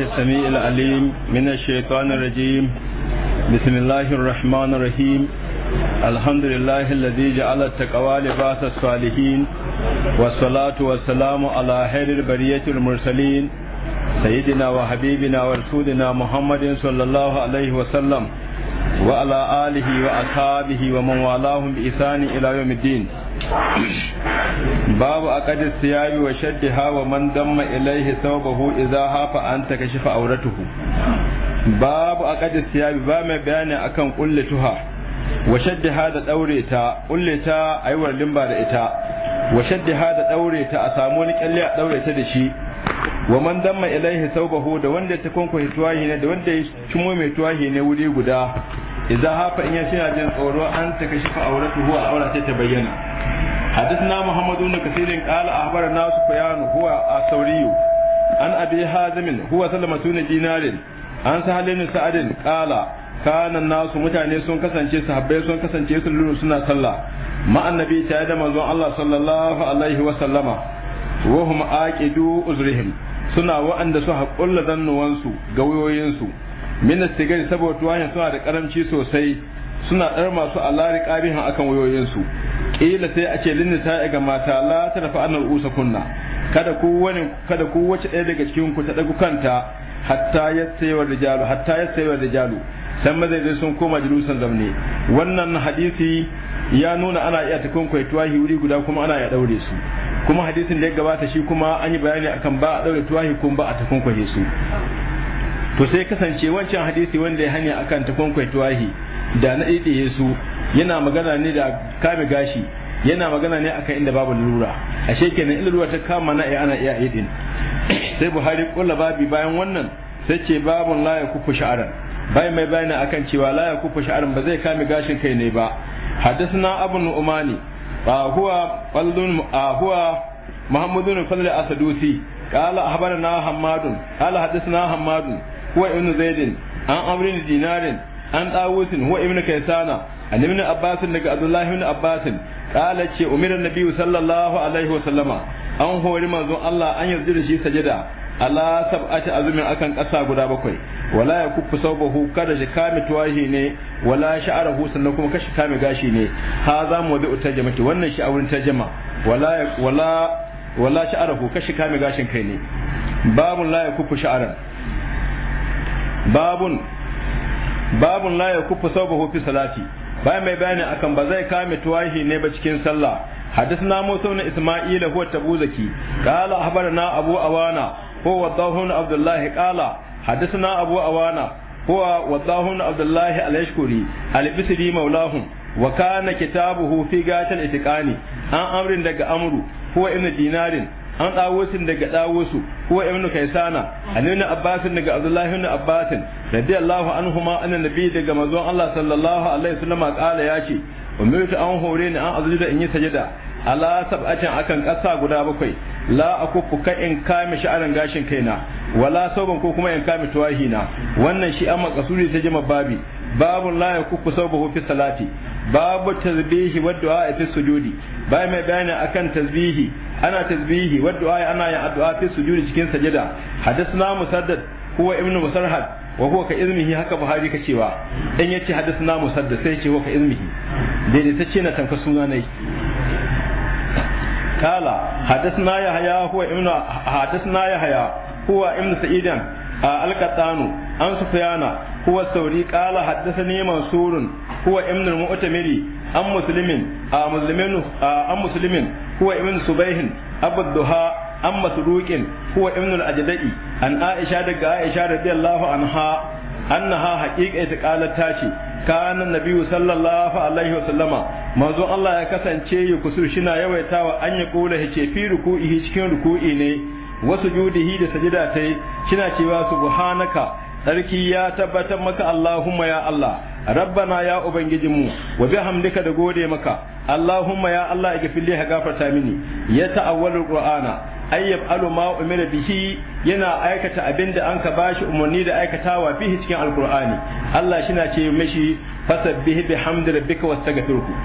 الله السميع العليم من الشيطان الرجيم بسم الله الرحمن الرحيم الحمد لله الذي جعل التقوى لباس الصالحين والصلاة والسلام على خير البرية المرسلين سيدنا وحبيبنا ورسولنا محمد صلى الله عليه وسلم وعلى آله وأصحابه ومن والاهم بإحسان إلى يوم الدين babu aqadi siyabi wa shaddiha wa man damma ilaihi thawbahu idza hafa an takashifa auratuhu babu aqadi siyabi ba mai bayani akan Kulle kullatuha wa shaddiha da daure ta Kulle ta aiwar limba da ita wa shaddiha da daure ta a samu wani kyalle a daure ta da shi wa man damma ilaihi thawbahu da wanda ta kunku tuwahi ne da wanda ya cimo mai tuwahi ne wuri guda idza hafa in ya shi jin tsoro an takashifa auratuhu a aurata ta bayyana حدثنا محمد بن كثير قال أخبرنا سفيان هو الثوري عن ابي حازم هو سلمة بن دينار عن سهل بن سعد قال كان الناس متعني سون كسانشي صحابي سون كسانشي سلون سنة صلى مع النبي تعالى مزون الله صلى الله عليه وسلم وهم آكدوا أزرهم suna wa'anda su haƙulla zannuwansu ga wayoyinsu min sigari saboda wahin suna da karamci sosai suna ɗar masu alari ƙarihin akan wayoyinsu kila sai a ce linnisa ga mata la tarfa annal usa kunna kada ku wani kada ku wace ɗaya daga cikin ku ta dagu kanta hatta yassayar rijalu hatta yassayar rijalu san zai sun koma julusan zamne wannan hadisi ya nuna ana iya ta kwankwaituwa wuri guda kuma ana iya daure su kuma hadisin da ya gabata shi kuma an yi bayani akan ba a daure tuwahi kuma ba a ta kwankwaje su to sai kasance wancan hadisi wanda ya hanya akan ta hiwuri da na ɗaiɗaye su yana magana ne da kame gashi yana magana ne akan inda babu lura ashe kenan in lura ta kama na iya ana iya aidin sai buhari kulla babi bayan wannan sai ce babun la ya kufu sha'aran bai mai bayani akan cewa la ya kufu sha'aran ba zai kame gashin kai ne ba hadisna abu nu'mani huwa qallun huwa muhammadun fadl asadusi قال أخبرنا حماد قال حدثنا hamadun huwa ibn zaidin an amrin dinarin an dawusin huwa ibnu kaysana an ibnu abbas daga abdullahi ibn abbas qala ce umira nabiyyu sallallahu alaihi wa sallama an hori manzon Allah an yarda da shi sajada ala sab'ati azumin akan ƙasa guda bakwai wala ya kuffu saubahu kada shi kame tuwahi ne wala sha'arahu sannan kuma kashi kame gashi ne ha za mu wadu tarjamati wannan shi a wurin tarjama wala wala wala sha'arahu kashi kame gashin kai ne babun la ya kuffu sha'aran babun babun la yakufu sawbahu fi salati ba mai bayani akan ba zai kame tuwahi ne ba cikin sallah حدثنا موسى بن اسماعيل هو التبوذكي قال اخبرنا ابو اوانا هو وضاه عبد الله قال حدثنا ابو اوانا هو وضاه عبد الله الاشكري البصري مولاهم وكان كتابه في غايه الاتقان عن امر دغ امر هو ابن دينار an sun daga ɗawusu ko ibnu kaisana an ibn abbasin daga abdullahi ibn abbasin radiyallahu anhuma anna nabi daga manzon Allah sallallahu alaihi wasallam kala ce umirtu an hore ni an azuda in yi sajada ala sab'atin akan kasa guda bakwai la akufu ka in kame sha'aran gashin kaina wala sauban ko kuma in kame tuwahina wannan shi amma makasuri ta jima babi babu la yakufu saubahu fi salati babu tasbihi wa du'a fi sujudi bai mai bayani akan tasbihi ana tasbihi wa du'a ana yin addu'a fi cikin sajada hadisna musaddad huwa ibnu musarhad wa huwa ka izmihi haka buhari ka cewa dan yace hadisna musaddad sai ce ka izmihi daidai ce na tanka suna nai kala hadisna yahya huwa ibnu القطان عن سفيان هو الثوري قال حدثني منصور huwa ibn al-mu'tamiri an muslimin a muslimin an muslimin huwa ibn subayhin abu duha an masruqin huwa ibn al-ajdai an aisha daga aisha radiyallahu anha annaha haqiqatu qalat tashi kana nabiyyu sallallahu alaihi wasallama manzo Allah ya kasance ya kusur shina yawaitawa an ya kula hice fi ruku'i cikin ruku'i ne wasu judihi da sajida tai shina cewa subhanaka sarki ya tabbatar maka Allahumma ya Allah rabbana ya ubangijinmu wa bi hamdika da gode maka allahumma ya allah igfirli ha gafarta mini ya ta'awwalu qur'ana ayyab yaf'alu ma umira bihi yana aikata abinda an ka bashi umarni da aikatawa bihi cikin alqur'ani allah shina ce mishi fasabbih bihamdi rabbika wastaghfirhu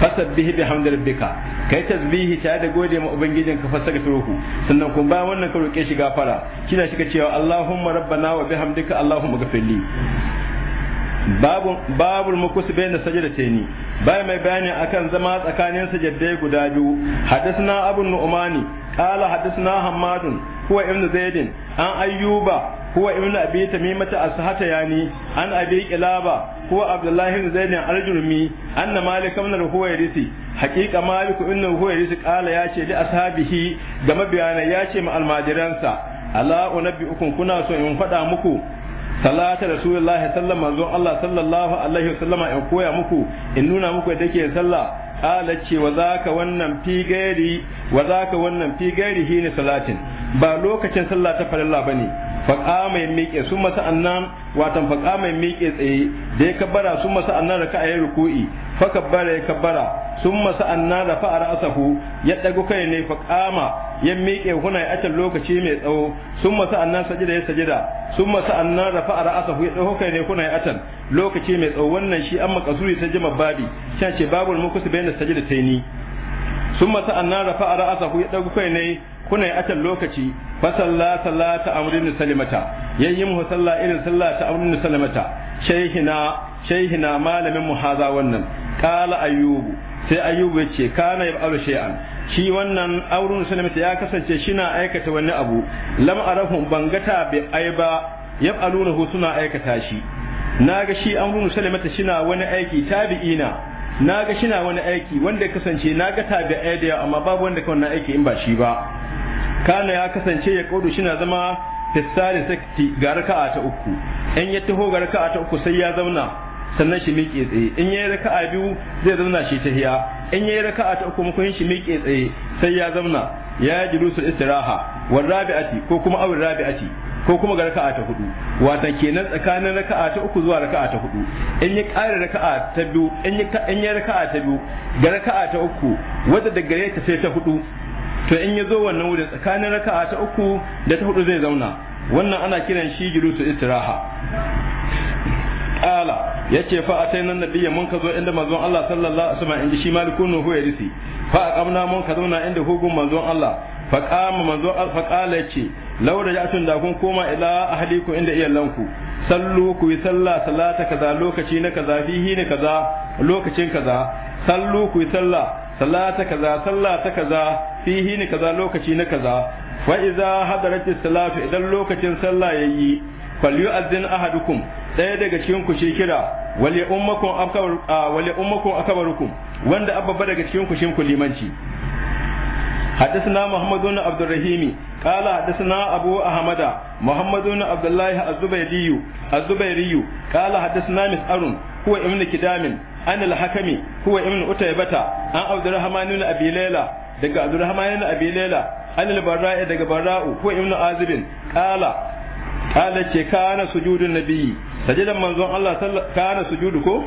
fasabbih bihamdi rabbika kai tasbihi ta da gode ma ubangijin ka fasaghfiruhu sannan kun bayan wannan ka roke shi gafara kina shi ka cewa allahumma rabbana wa bihamdika allahumma ghafirli babu babul mukus bayan bai mai bayani akan zama tsakanin sajaddai guda biyu hadisna abu nu'mani qala hadisna hammadun huwa ibn zaidin an ayyuba huwa ibn abi tamimata ashata yani an abi qilaba huwa abdullah ibn zaid al-jurmi anna malik ibn al-huwayrisi haqiqa malik ibn al-huwayrisi qala ya ce li ashabihi ga mabiyana ya ce ma almajiransa ala ukun kuna so in faɗa muku salata rasulullahi sallam manzon Allah sallallahu alaihi wasallama in koya muku in nuna muku yadda ke sallah ala ce wa zaka wannan fi gairi wa zaka wannan fi gairi hina salatin ba lokacin sallah ta farilla bane faƙa mai miƙe sun masa annan watan faƙa mai miƙe tsaye da ya kabbara sun masa annan raka a yi ruku'i fa kabbara ya kabbara sun masa annan da fa'ara asahu ya ɗago kai ne faƙama ya miƙe huna ya acan lokaci mai tsawo sun masa annan sajida ya sajida sun masa annan da fa'ara asahu ya ɗago kai ne huna ya acan lokaci mai tsawo wannan shi an makasuri ta jima babi shan ce babul mukusu bayan da sajida ta yi ni sun masa annan da fa'ara asahu ya ɗago kai ne kuna yi atan lokaci fa salla salata amrin salimata yayi mu salla irin salata ta amrin salimata shaykhina shaykhina malamin mu haza wannan qala ayyubu sai ayyubu yace kana yab'alu shay'an shi wannan aurun salimata ya kasance shina aikata wani abu lam arahum bangata bi aiba yab'alunahu suna aikata shi naga shi amrun salimata shina wani aiki tabi'ina na shina wani aiki wanda kasance na ga da amma babu wanda kawai na aiki in ba shi ba kana ya kasance ya kodu shi na zama fisari sakti ga raka'a ta uku in ya taho ga raka'a ta uku sai ya zauna sannan shi miƙe tsaye in ya yi raka'a biyu zai zauna shi ta hiya in ya yi raka'a ta uku mukuhin shi miƙe tsaye sai ya zauna ya jirusul istiraha wa rabi'ati ko kuma awir rabi'ati ko kuma ga raka'a ta hudu wata kenan tsakanin raka'a ta uku zuwa raka'a ta hudu in ya ƙara raka'a ta biyu in ya raka'a ta biyu ga raka'a ta uku wadda daga gare ta sai ta hudu to in ya zo wannan wurin tsakanin raka'a ta uku da ta hudu zai zauna wannan ana kiran shi julusu istiraha qala yace fa atayna nabiyya mun kazo inda manzon Allah sallallahu alaihi wasallam inda shi malikun nuhu ya risi fa aqamna mun ka zauna inda hugun manzon Allah fa qama manzon Allah fa qala yace law raja'tun da kun koma ila ahliku inda iyalanku sallu ku yi sallah salata kaza lokaci na kaza fihi ne kaza lokacin kaza sallu ku yi sallah ta kaza ta kaza fi hini kaza lokaci na kaza fa'iza iza hadarati salatu idan lokacin sallah yayi falyu'azzin ahadukum ɗaya daga cikin ku shi kira wali ummakum akbar wali ummakum wanda abba daga cikin ku shin ku limanci حدثنا محمد بن عبد الرحيم قال حدثنا أبو أحمد محمد بن عبد الله الزبيري الزبيري قال حدثنا مسعر هو ابن كدام an al-hakami huwa ibn utaybata an abdurrahman ibn abi layla daga abdurrahman ibn abi layla an al-barra'i daga barra'u huwa ibn azib qala qala ce kana sujudun nabiyyi sajidan manzon Allah kana sujudu ko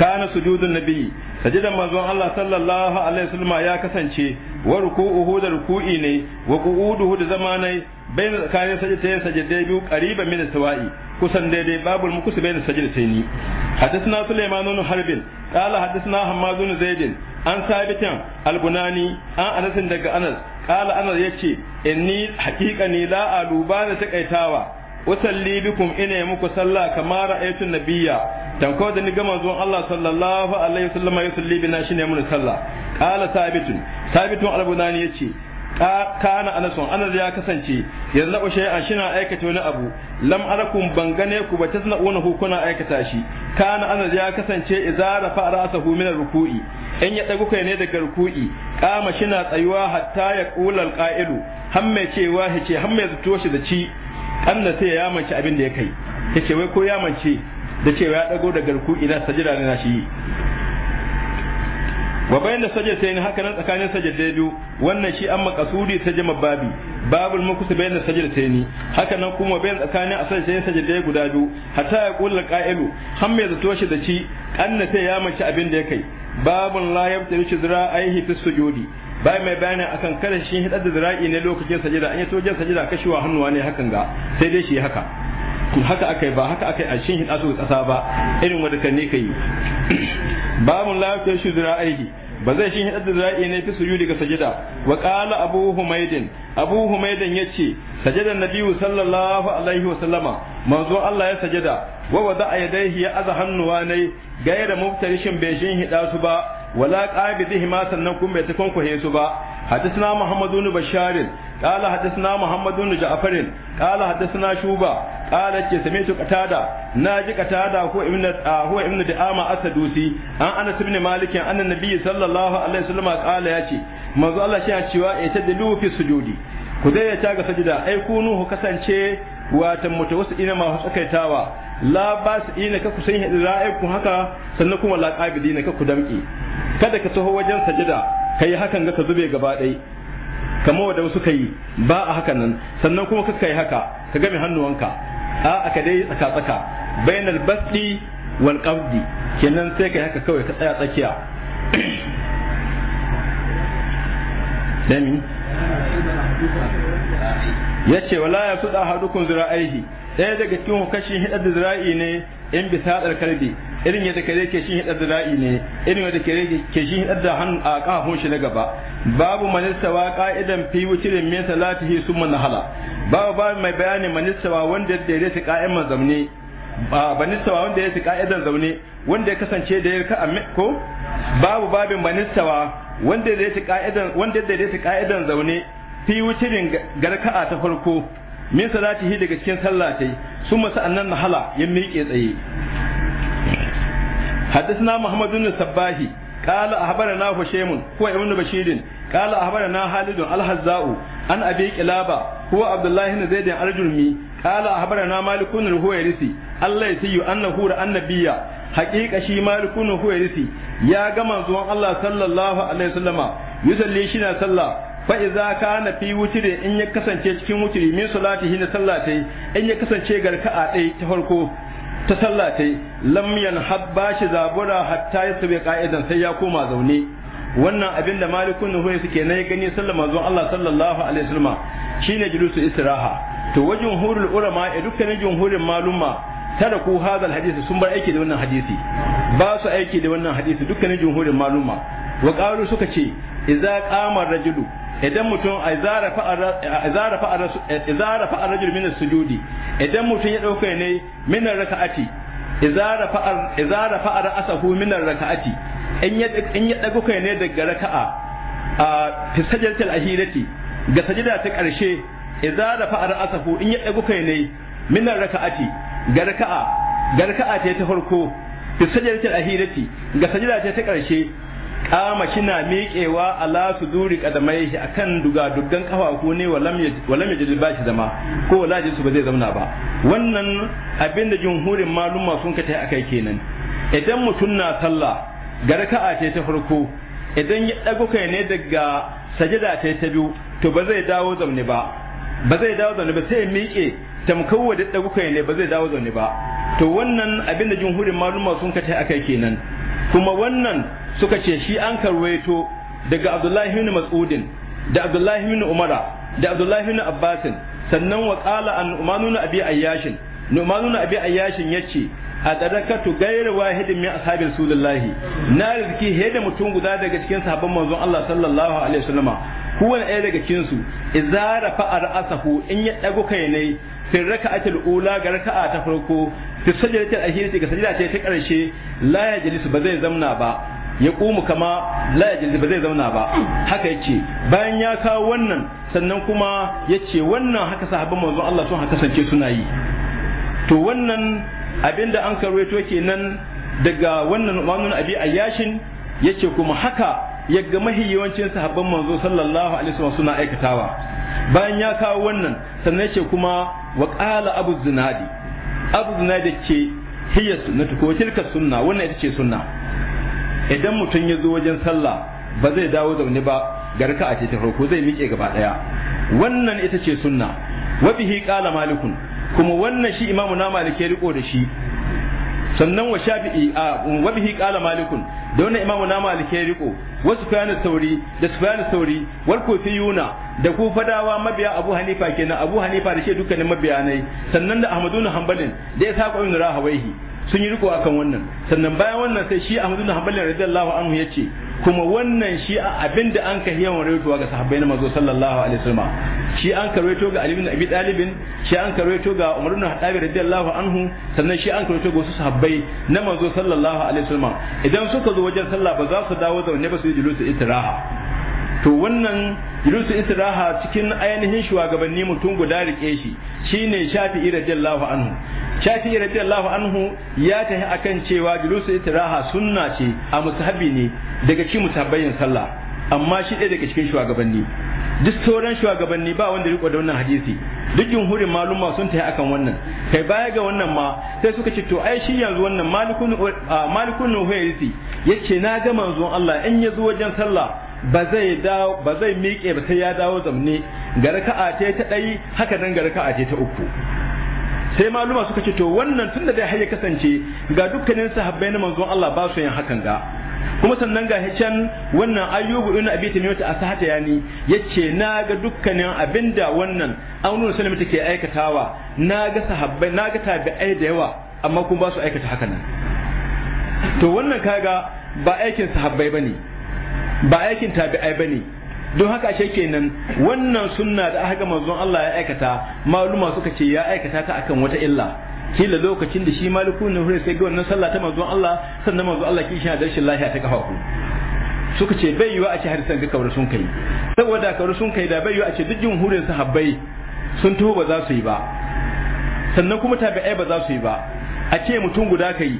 kana sujudun nabiyyi sajidan manzon Allah sallallahu alaihi wasallam ya kasance wa ruku'uhu da ruku'i ne wa qu'uduhu da zamanai bayan tsakanin sajdatain sajdai biyu qariban min sawa'i kusan daidai babul mukus bayin sajidataini حدثنا سليمان بن حرب قال حدثنا حماد بن زيد عن ثابت البناني عن انس دغ انس قال انس ina muku sallah kama ra'aytun nabiyya tanko da ni ga manzon Allah sallallahu alaihi wasallam ya salli bina yace kana anasun anas ya kasance yanzu na ushe shi shina aikata wani abu lam arakum ban gane ku ba tasna wani kuna aikata shi kana anas ya kasance idza rafa ra'sahu min ruku'i in ya dago kai ne daga ruku'i kama shina tsayuwa hatta ya qula alqa'ilu har mai cewa yace har mai zuto shi da ci anna sai ya mance abin da ya kai yace wai ko ya mance da cewa ya dago daga ruku'i na sajida ne na shi wa bayyana sajdatain haka nan tsakanin da biyu wannan shi an makasudi ta jama babi babul mukus bayyana sajdatain haka nan kuma bayyana tsakanin a asajdain da guda biyu hatta ya kula qa'ilu har mai zato shi da ci kanna sai ya mace abin da ya kai babun la yabtaru zira'ihi fi sujudi bai mai bayani akan kada shi hidar da zira'i ne lokacin sajida an yi tojin sajida kashewa hannuwa ne hakan ga sai dai shi haka haka akai ba haka akai a shin hidar su kasa ba irin wanda kan ne kai babu la yafshu zira'ihi ba zai shi hidda zira'i ne fi sujudi ga Sajada. wa qala abu humaydin abu humaydin yace sajada nabiyyu sallallahu alaihi wa sallama manzo Allah ya sajada wa wada yadayhi ya aza hannuwa ne gaira muftarishin bai shin hida su ba wala qabidihi ma sannan kun bai ta kunkuhe su ba hadisna muhammadu bin basharin قال حدثنا محمد بن جعفر قال حدثنا شوبة قال ce same su katada na ji katada ko ibn ko ibn da'ama asadusi an anas ibn malik an annabi sallallahu alaihi wasallam qala yace manzo Allah shi ya cewa ya tadilu fi sujudi ku dai ya ga sajida ai kunu ku kasance watan mutawassi ina ma tsakaitawa la bas ina ka kusan ra'ayku haka sannan kuma la qabidina ka ku damki kada ka taho wajen sajida kai hakan ga ka zube gaba ɗaya kamar wanda suka yi ba a hakan nan sannan kuma kaka yi haka ka game hannuwanka a aka dai tsaka tsaka bainal basdi wal qabdi kenan sai kai haka kawai ka tsaya tsakiya dami ya ce wala ya fuda hadukun zira'aihi ɗaya daga cikin hukashin hidar da zira'i ne in bi sadar kalbi irin yadda kare ke shin hidar da zira'i ne irin yadda kare ke shin hidar da hannu a kafafun shi na gaba babu manistawa ka'idan fi wucirin min salatihi summa nahala babu babu mai bayani manistawa wanda da ya ka'idan zamne banistawa wanda ya ka'idan zamne wanda ya kasance da ya ka ko babu babin banistawa wanda ya ka'idan wanda da ya ka'idan zaune fi wucirin garka'a ta farko min salatihi daga cikin sallatai summa sa'annan nahala ya miƙe tsaye حدثنا محمد بن السباهي قال أخبرنا هشيم هو ابن بشير قال أخبرنا خالد الحزاء عن أبي قلابة هو عبد الله بن زيد الجرمي قال أخبرنا مالك بن الهويرثي الله يسيء أنه رأى النبي حقيقة شي مالك بن الهويرثي يا جماعة الله صلى الله عليه وسلم يصلي شنا صلى fa iza kana fi wutire in ya kasance cikin wutire min salatihi na sallatai in ya kasance garka'a ɗaya ta farko ta sallatai lam yanhab bashi zabura hatta yasbi qa'idan sai ya koma zaune wannan abin da malikun nuhu suke na gani sallar manzon Allah sallallahu alaihi wasallam shine julusu istiraha to wajen hurul ulama e dukkanin jumhurin malumma tada ku hadal hadisi sun bar aiki da wannan hadisi ba su aiki da wannan hadisi dukkanin jumhurin malumma wa qalu suka ce idza qama rajulu idan mutum izara fa'a rajul min sujudi idan mutum ya dauka ne min raka'ati idza rafa'a ra'sahu min ar-raka'ati in ya in ya dago kai ne daga raka'a a fi sajdatil ahirati ga sajda ta karshe idza rafa'a ra'sahu in ya dago kai ne min ar-raka'ati ga raka'a ga raka'a ta ta farko fi sajdatil ahirati ga sajda ta karshe kama kina miƙewa ala su duri kadamaihi akan dugaduggan kafafu ne walam yajid ba shi zama ko wala jinsu ba zai zauna ba wannan abin da jumhurin maluma sun ka tai akai kenan idan mutum na sallah ga raka'a ce ta farko idan ya dago kai ne daga sajada ce ta biyu to ba zai dawo zaune ba ba zai dawo zaune ba sai miƙe tamkawa da dago kai ne ba zai dawo zaune ba to wannan abin da jumhurin maluma sun ka tai akai kenan kuma wannan suka ce shi an karwaito daga abdullahi bin mas'udin da abdullahi bin umara da abdullahi bin abbasin sannan wa qala an umanuna abi ayyashin numanuna abi ayyashin yace a darakatu gairu wahidin min ashabi rasulullahi na rizki he da mutum guda daga cikin sahabban manzon Allah sallallahu alaihi wasallama kowane ɗaya daga cikin su izara fa'a ra'asahu in ya dago kai ne fi raka'atul ula ga raka'a ta farko fi sajdatul akhirati ga sajda ta karshe la yajlisu ba zai zamna ba ya ƙumu kama la ya ba zai zauna ba haka ya ce bayan ya kawo wannan sannan kuma ya ce wannan haka sahabban manzo Allah sun haka kasance suna yi to wannan abinda an karwaito kenan daga wannan ma'amun abi ayyashin ce kuma haka ya mahi yawancin sahabban manzo sallallahu alaihi wasallam suna aikatawa bayan ya kawo wannan sannan ce kuma wa qala abu zinadi abu zinadi ce hiya sunnatu ko tilka sunna wannan ita ce sunna idan mutum ya zo wajen sallah ba zai dawo zaune ba garka a ce ta zai miƙe gaba ɗaya wannan ita ce sunna wabihi bihi malikun kuma wannan shi imamu na malike riko da shi sannan wa shafi'i a wa malikun da wannan imamu na malike riko wasu sufyanu sauri da sufyanu sauri wal yuna da fadawa mabiya abu hanifa kenan abu hanifa da shi dukkanin mabiya ne sannan da ahmadun hanbalin da ya saka yin rahawaihi sun yi riko akan wannan sannan bayan wannan sai shi ahmadu na hanbal radiyallahu anhu ya ce. kuma wannan shi abinda an ka yawan rawaitowa ga sahabbai na manzo sallallahu alaihi wasallam shi an karwaito ga Ali ibn Abi Talib shi an karwaito ga Umar bin Khattab radiyallahu anhu sannan shi an karwaito ga wasu sahabbai na manzo sallallahu alaihi wasallam idan suka zo wajen sallah ba za su dawo zaune ba su yi julusu itiraha to wannan julusu istiraha cikin ainihin shugabanni mutum guda rike shi shine shafi'i radiyallahu anhu shafi'i radiyallahu anhu ya tahi akan cewa julusu istiraha sunna ce a musahabi ne daga cikin musabbayin sallah amma shi ɗaya daga cikin shugabanni duk sauran shugabanni ba wanda riko da wannan hadisi duk jumhurin maluma sun tafi akan wannan kai baya ga wannan ma sai suka ce to ai shi yanzu wannan malikun malikun nuhayrisi yace na ga manzon Allah in ya zo wajen sallah ba zai miƙe ba sai ya dawo zamne ga raka'a ce ta ɗai haka nan ga raka'a ce ta uku sai maluma suka ce to wannan tunda dai har ya kasance ga dukkanin sahabbai na manzon Allah ba su yin hakan ga kuma sannan ga can wannan ayyubu ibn abi tamim ta asahata yani yace na ga dukkanin abinda wannan aunun sallama take aikatawa na ga sahabbai na ga tabi'ai da yawa amma kuma ba su aikata hakan to wannan kaga ba aikin sahabbai bane ba aikin tabi'ai bane don haka ashe kenan wannan sunna da aka manzon Allah ya aikata maluma suka ce ya aikata ta akan wata illa kila lokacin da shi maliku ne hure sai ga wannan sallah ta manzon Allah sannan manzon Allah kishi da shi lafiya ta kafa ku suka ce bai yiwa a ce harisan ga kawar sun kai saboda kawar sun kai da bai yiwa a ce duk jumhurin habbai sun tuho ba za su yi ba sannan kuma tabi'ai ba za su yi ba a ce mutum guda kai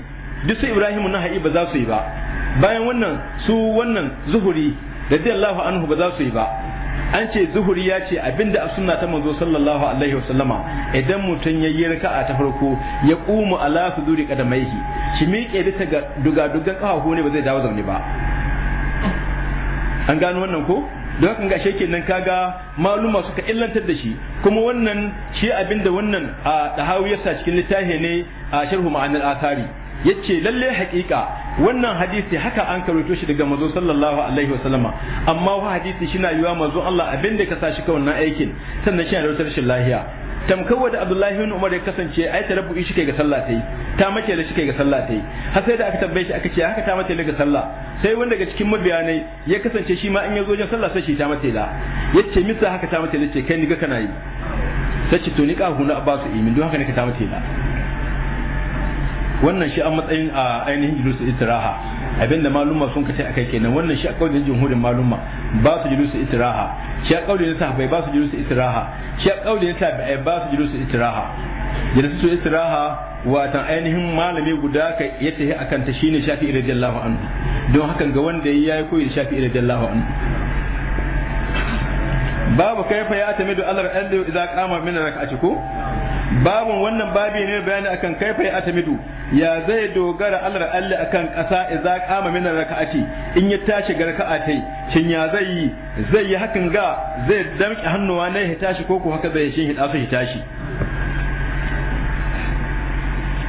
duk sai Ibrahim na ha'i ba za su yi ba bayan wannan su wannan zuhuri da radiyallahu anhu ba za su yi ba an ce zuhuri ya ce abinda a sunna ta manzo sallallahu alaihi wasallama idan mutum ya yi raka'a ta farko ya kuma ala fuduri qadamaihi shi miƙe bisa ga dugadugan kafafu ne ba zai dawo zaune ba an gano wannan ko don haka ga sheke nan kaga maluma suka illantar da shi kuma wannan shi abinda wannan a dahawi yasa cikin littafi ne a sharhu ma'anar asari yace lalle haƙiƙa wannan hadisi haka an karoto shi daga mazo sallallahu alaihi wa sallama amma wa hadisi shi na yiwa mazo Allah abin da ka sa shi ka wannan aikin sannan shi na da shi lahiya tamkawa da Abdullahi bin Umar ya kasance ai tarabbu'i shi kai ga sallah tai ta mace da shi kai ga sallah tai har sai da aka tambaye shi aka ce haka ta mace ga sallah sai wanda daga cikin mabiyanai ya kasance shi ma ya zo wajen sallah sai shi ta mace da yace misa haka ta mace ce kai ni ga kana yi sai ce to ni ka huna ba su imin don haka ne ka ta mace da wannan shi an matsayin a ainihin julusu itiraha abinda maluma sun kace akai kenan wannan shi a kaulin jumhurin maluma ba su julusu itiraha shi a kaulin sahabbai ba su julusu itiraha shi a kaulin tabi'ai ba su julusu istiraha julusu itiraha watan ainihin malami guda ka ya tafi akan ta shine shafi'i radiyallahu anhu don hakan ga wanda ya yi koyi shafi'i radiyallahu anhu babu kaifa ya tamidu alal ardi idza qama min rak'ati ko babu wannan babi ne bayani akan kaifa ya tamidu ya zai dogara allar alli akan kasa idza qama min rak'ati in ya tashi ga tai shin ya zai yi zai yi hakan ga zai damki hannuwa ne ya tashi ko ko haka zai shin hida su tashi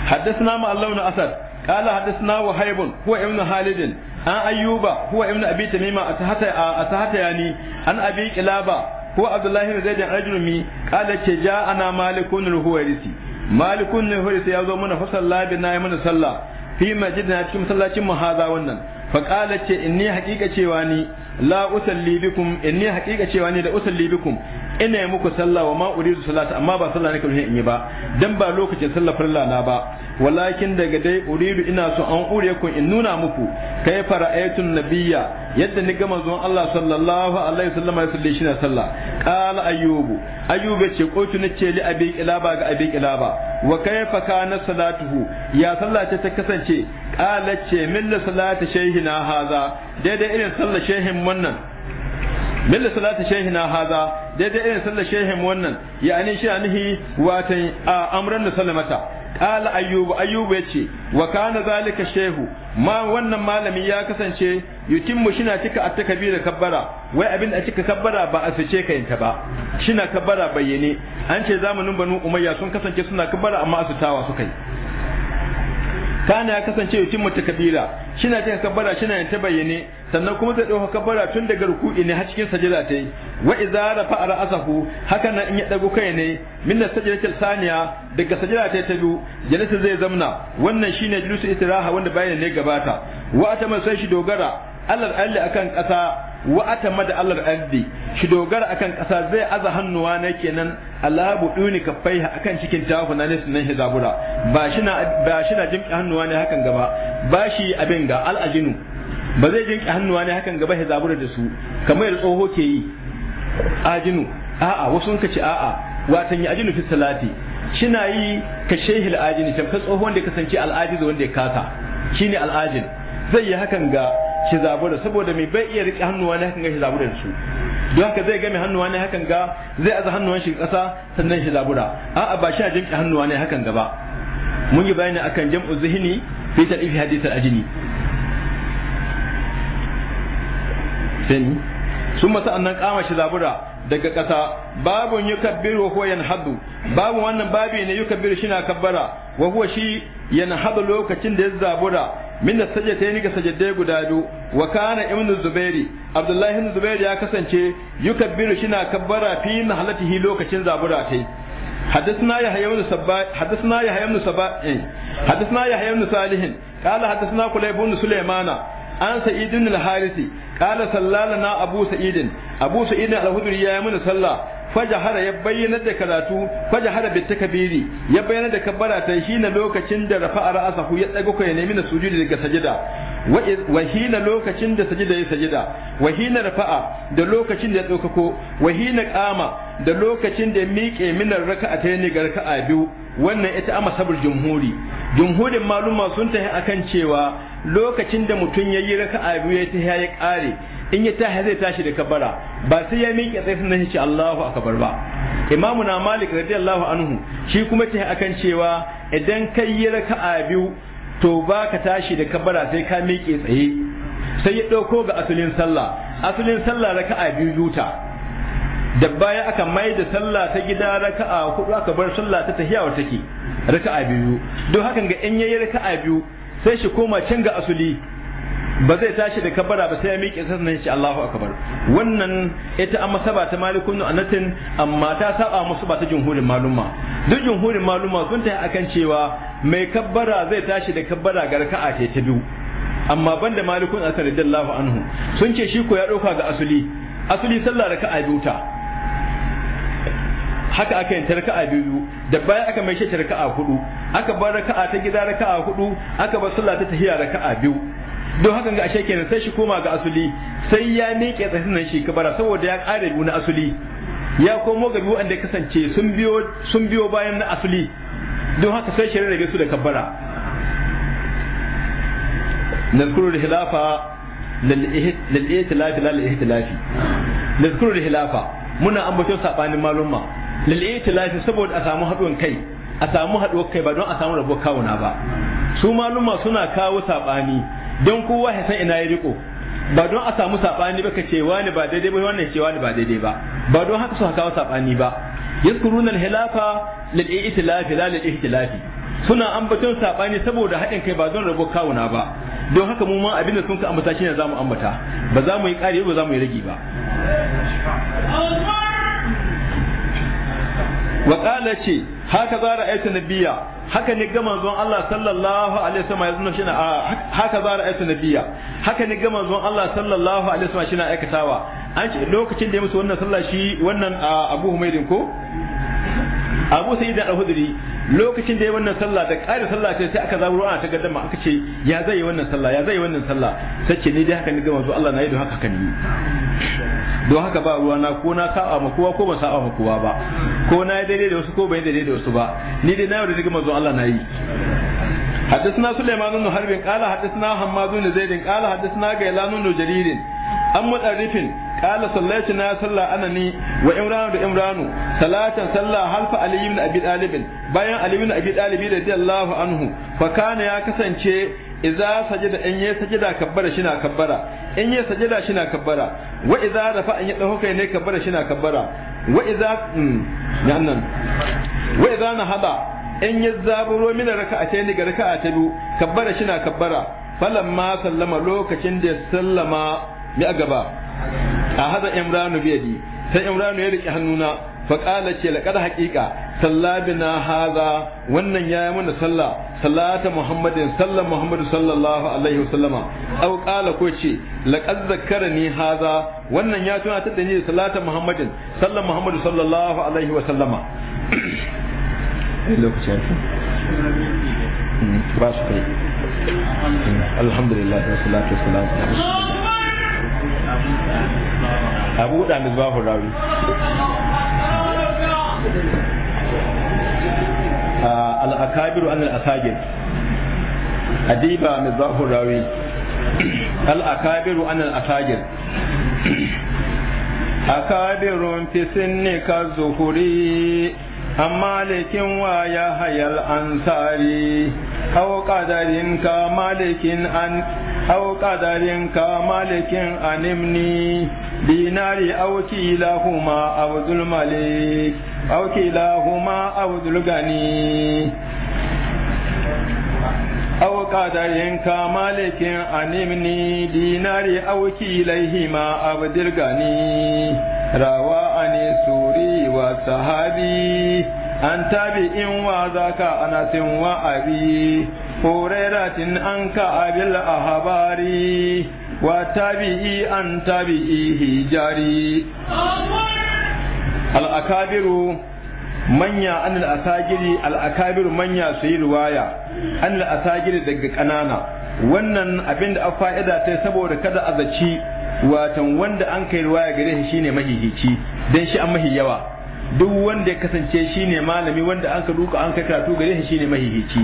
حدثنا ما الله بن أسد قال حدثنا وهيب هو ابن خالد an ayyuba huwa ibnu abi tamima atahata atahata yani an abi kilaba huwa abdullahi bin zaid al-ajrumi qala ce ja'ana malikun al-huwairisi malikun al-huwairisi yazo mana fa sallabi na yi mana sallah fi masjidina cikin masallacin mu haza wannan fa qala ce inni haqiqa cewa ni la usalli bikum inni haqiqa cewa ni da usalli bikum ina yi muku sallah wa ma uridu salata amma ba sallah ne kamar in yi ba dan ba lokacin sallah farilla na ba walakin daga dai uridu ina so an ure ku in nuna muku kai fara'aytun nabiyya yadda ni ga manzon Allah sallallahu alaihi wasallam ya salli shi na sallah qala ayyubu ayyuba ce kotu na ce li abi kilaba ga abi kilaba wa na kana salatuhu ya sallah ta kasance qala ce min salati shayhina haza daidai irin sallah shehin wannan milla salati na haza daidai irin sallar shehin wannan yani shi anihi watan amran da salamata qala ayyub ayyub yace wa kana zalika shehu ma wannan malami ya kasance yutimmu shina cika at-takbira kabbara wai abin da cika kabbara ba a fice ka ta ba shina kabbara bayyane an ce zamanin banu umayya sun kasance suna kabbara amma asutawa suka yi kana ya kasance yutin mu shi na cika kabbara shi na ta bayyane sannan kuma zai ɗauka kabbara tun daga ruku'i ne har cikin sajira ta yi wa idza rafa ra'sahu haka nan in ya ɗagu kai ne min ta saniya daga sajira ta ta biyu jalisa zai zamna wannan shi ne julusu istiraha wanda bayan ne gabata wa ta sai shi dogara Allah Allah akan ƙasa wa atamada alal ardi shi dogara akan kasa zai aza hannuwa na kenan Allah bu duni kaffai akan cikin tawafu na ne sunan hizabura ba shi na ba shi na jinki hannuwa ne hakan gaba ba shi abin ga al ajinu ba zai jinki hannuwa ne hakan gaba hizabura da su kamar da tsoho ke yi ajinu a'a wasu ka ce a'a watan ya ajinu fi salati shina yi ka shehil ajini tamkar tsohon da ya kasance al'ajiz wanda ya kasa shine al'ajin zai yi hakan ga shi zabu da saboda mai bai iya rike hannuwa ne hakan ga shi zabu da su don haka zai game hannuwa ne hakan ga zai aza hannuwan shi kasa sannan shi zabu da a'a ba shi a jinki hannuwa ne hakan gaba mun yi bayani akan jam'u zihni fi tarifi hadith al-ajni sai sun mata annan kama shi zabura daga ƙasa babun yukabbiru huwa yanhadu babu wannan babi ne yukabbiru shi na kabbara wa huwa shi yanhadu lokacin da ya zabura min da sajdatayni ga sajadai guda biyu wa kana ibn zubairi abdullahi ibn zubairi ya kasance yukabbiru shina kabbara fi mahalatihi lokacin zabura tai حدثنا يحيى بن سبا حدثنا يحيى بن سبا حدثنا يحيى بن صالح قال حدثنا كليب بن سليمان عن سعيد بن الحارثي قال صلى لنا ابو سعيد ابو سعيد الخدري يا من صلى fajahara ya bayyana da karatu fajahara bi takbiri ya bayyana da kabbara tan shine lokacin da rafa'a ra'asahu ya ko kai nemi na sujudi daga sajida wa hina lokacin da sajida ya sajida wa hina rafa'a da lokacin da ya daukako wa hina qama da lokacin da miƙe minar raka'a ta ne ga raka'a biyu wannan ita amma sabul jumhuri jumhurin maluma sun tahi akan cewa lokacin da mutum yayi raka'a biyu ya tahi ya kare in ya tashi zai tashi da kabara ba sai ya miƙe tsaye sannan ya ce Allahu akbar ba imamu na malik radiyallahu anhu shi kuma ta akan cewa idan kai yi raka'a biyu to ba ka tashi da kabara sai ka miƙe tsaye sai ya ɗauko ga asalin sallah asalin sallah raka'a biyu juta da baya aka mai da sallah ta gida raka'a hudu aka bar sallah ta tahiyawa take raka'a biyu don haka ga in yayi raka'a biyu sai shi koma can ga asali ba zai tashi da kabara ba sai ya miƙe sannan ya ce Allahu akbar wannan ita amma saba ta malikun anatin amma ta saba musu ba ta jumhurin maluma duk jumhurin maluma sun ta akan cewa mai kabara zai tashi da kabbara ga raka'a ce ta biyu amma banda malikun anatin radiyallahu anhu sun ce shi ko ya dauka ga asuli asuli sallah raka'a biyu ta haka aka yanta raka'a biyu da baya aka mai shi raka'a hudu aka bar raka'a ta gida raka'a hudu aka bar sallah ta tahiya raka'a biyu don haka ga ashe kenan sai shi koma ga asuli sai ya miƙe tsakin nan shi kabara saboda ya ƙare biyu na asuli ya komo ga biyu da kasance sun biyo sun biyo bayan na asuli don haka sai shi rarrabe su da kabara nazkuru da hilafa lal ihtilafi lal ihtilafi nazkuru da hilafa muna ambaton sabanin malumma lal ihtilafi saboda a samu haduwan kai a samu haduwar kai ba don a samu rabuwar kawuna ba su malumma suna kawo sabani don kowa ya san ina ya riko ba don a samu sabani ba ka ce wani ba daidai ba wannan ce wani ba daidai ba ba don haka su kawo sabani ba yaskuruna al-hilafa lil i'tilafi la lil ihtilafi suna ambaton sabani saboda haɗin kai ba don rabo kawuna ba don haka mu ma abinda sun ka ambata shine zamu ambata ba za mu yi ƙari ba za mu yi rage ba wa qala ce haka za ra'aytu nabiya haka ne ga manzon Allah sallallahu alaihi wasallam zuna shi na haka za ra'aytu nabiya haka ne ga manzon Allah sallallahu alaihi wasallam shi na aikatawa an ce lokacin da ya musu wannan sallah shi wannan Abu Humaydin ko Abu Sayyid al-Hudri lokacin da ya wannan sallah da ƙarin sallah ce sai aka zaburo ana ta gaddama aka ce ya zai wannan sallah ya zai wannan sallah sai ce ni dai haka ni ga manzon Allah na yi don haka kan yi don haka ba ruwa na ko na saba ma kowa ko ban saba kowa ba ko na yi daidai da wasu ko ban yi daidai da wasu ba ni dai na yi wajen jigin Allah na yi. حدثنا na sule harbin kala hadisi na hama zuwa zaidin kala hadisi na gaila jaririn an mutu arifin kala sallai shi na wa imranu da imranu salatan salla halfa aliyu na abi dalibin bayan aliyu na abi dalibi da zai lafa anuhu fa kana ya kasance iza sajida in ya sajida kabbara shi na kabbara in ya sajada shi na kabbara wa idza rafa an ya dauko kai ne kabbara shi na kabbara wa idza mm, nan nan wa idza hada in ya zaburo mina raka'atayn ga raka'a ta biyu kabbara shi na kabbara falamma sallama lokacin da sallama mi gaba a hada imranu biyadi sai imranu ya rike hannuna fa qala ce laqad haqiqa sallabina haza wannan ya yi mana sallah salata muhammadin sallan muhammadu sallallahu alaihi wasallama au kala ko ce laqad zakkarani haza wannan ya tuna ta ni salata muhammadin sallan muhammadu sallallahu alaihi wasallama lokacin hmm, ba su kai alhamdulillah wa salatu wa salam abu da misbahu rawi al-akabiru an adiba rawi an al akabirun fi sinni ka zuhuri amma malikin waya hayal ansari aw qadarin ka malikin an ka malikin animni dinari aw kilahuma aw dhul aw qadarin ka malikin animni dinari aw kilaihima aw dhul rawa ani suri wa sahabi an tabi'in wa zaka anasin wa abi anka an ka abil ahbari وتابعي عن تابعيه جاري الأكابر manya an manya su yi ruwaya an daga ƙanana wannan abin da an fa'ida saboda kada a zaci watan wanda an kai ruwaya gare shi shine mahihici don shi an mahi yawa duk wanda ya kasance shi ne malami wanda an ka duka an kai karatu gare shi ne mahihici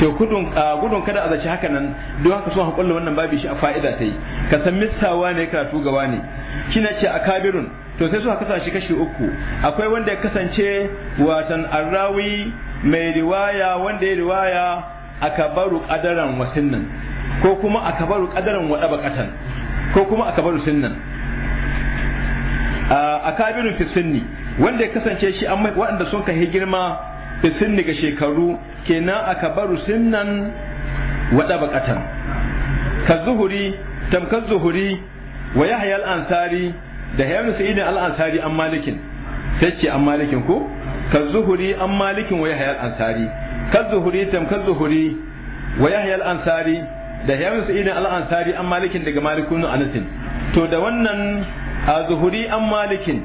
to gudun gudun kada a zaci haka nan don haka sun hakulla wannan babu shi a fa'ida ta yi ka san mistawa ne karatu gaba ne kina ce akabirun to sai suka kasa shi kashi uku akwai wanda ya kasance watan arrawi mai riwaya wanda ya riwaya akabaru qadaran wasinnan ko kuma akabaru qadaran wa bakatan ko kuma akabaru sunnan akabirun fi sunni wanda ya kasance shi an mai waɗanda sun kai girma da sinni ga shekaru kenan aka baru sinnan wada bakatan ka zuhuri tamkar zuhuri wa yahya al-ansari da hayyan sa'idin al-ansari an malikin sai ce an malikin ko ka zuhuri an malikin wa yahya al-ansari ka zuhuri tamkar zuhuri wa yahya al-ansari da hayyan sa'idin al-ansari an malikin daga malikun anasin to da wannan a zuhuri an malikin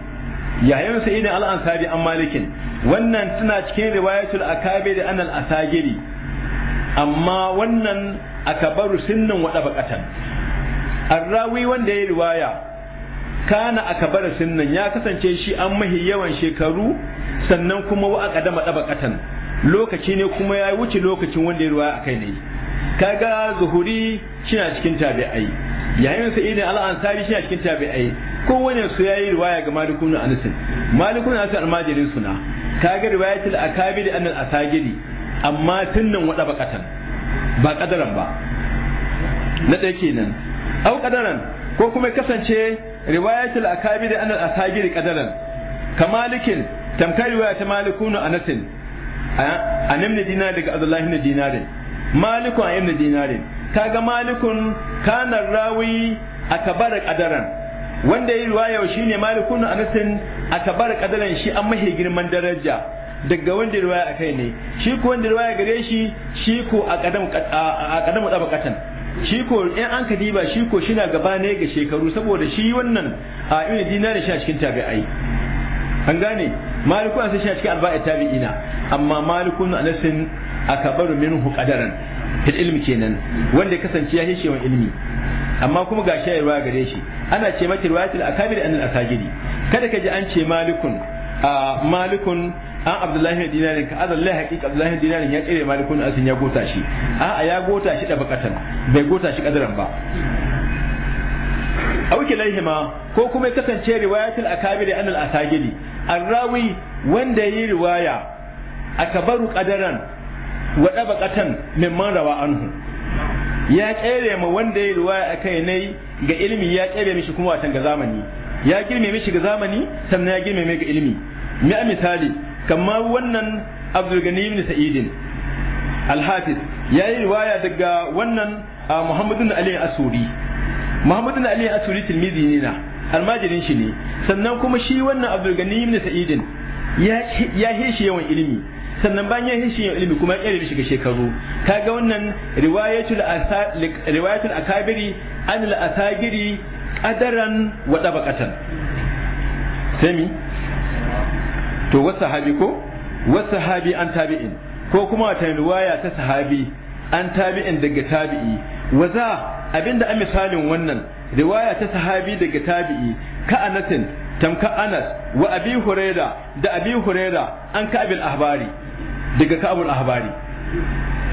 yayin bin sa'id al an malikin wannan tana cikin riwayatul akabe da anal asagiri amma wannan akabaru sinnin wada bakatan arrawi wanda ya riwaya kana akabaru sinnan ya kasance shi an mahi yawan shekaru sannan kuma wa akadama dabakatan lokaci ne kuma ya wuce lokacin wanda ya riwaya akai ne kaga zuhuri shina cikin tabi'ai yayin sa idan al shi cikin tabi'ai kowane su ya yi riwaya ga malikun anasin malikun anas almajirin suna ga kaga riwayatul akabiri a asagiri amma tun nan wada bakatan ba kadaran ba na ɗaya kenan au kadaran ko kuma kasance riwayatul akabiri annal asagiri kadaran malikin tamkar riwaya ta malikun a an ibn dinar daga abdullahi na dinar malikun ibn dinar kaga malikun kanar rawi kabar kadaran wanda ya yi ruwaya shi ne malikun anasin a tabar kadalan shi an mahe girman daraja daga wanda ruwaya a kai ne shi ko wanda ruwaya gare shi shi ko a kadam a kadam katan. shi ko in an ka diba shi ko shi na gaba ne ga shekaru saboda shi wannan a dina da shi a cikin tabi'ai an gane malikun anasin shi a cikin arba'at tabi'ina amma malikun anasin akabaru min kadaran. fil ilmi kenan wanda kasance ya hishe wa ilmi amma kuma ga shi ruwa gare shi ana ce mata riwayatul akabir al-asajidi kada ka ji an ce malikun a malikun an abdullahi bin dinar ka azalla haqiqa abdullahi bin dinar ya kire malikun asin ya gota shi a ya gota shi da bakatan bai gota shi kadaran ba A wuke laihima ko kuma kasance riwayatul akabir al-asajidi arrawi wanda yi riwaya akabaru kadaran wa dabaqatan mimman rawa anhu ya kere ma wanda ya a akai ne ga ilimi ya kere mishi kuma watan ga zamani ya girme mishi ga zamani sannan ya girme mai ga ilimi mi a misali kamar wannan Abdul Ghani ibn Sa'id al-Hafiz ya yi riwaya daga wannan ah, Muhammadu ibn Ali Asuri Muhammadu ibn Ali Asuri tilmizi ne na almajirin shi ne sannan kuma shi wannan Abdul Ghani ibn Sa'id ya ya yawan ilimi sannan bayan ya hishin ilimi kuma ya kyale shi ga shekaru kaga wannan riwayatul a akabiri an al asagiri qadaran wa sami to wasu sahabi ko wasu sahabi an tabi'in ko kuma wata riwaya ta sahabi an tabi'in daga tabi'i wa abinda a misalin wannan riwaya ta sahabi daga tabi'i ka anatin tamka anas wa abi huraira da abi huraira an kabil ahbari daga ka'abul ahbari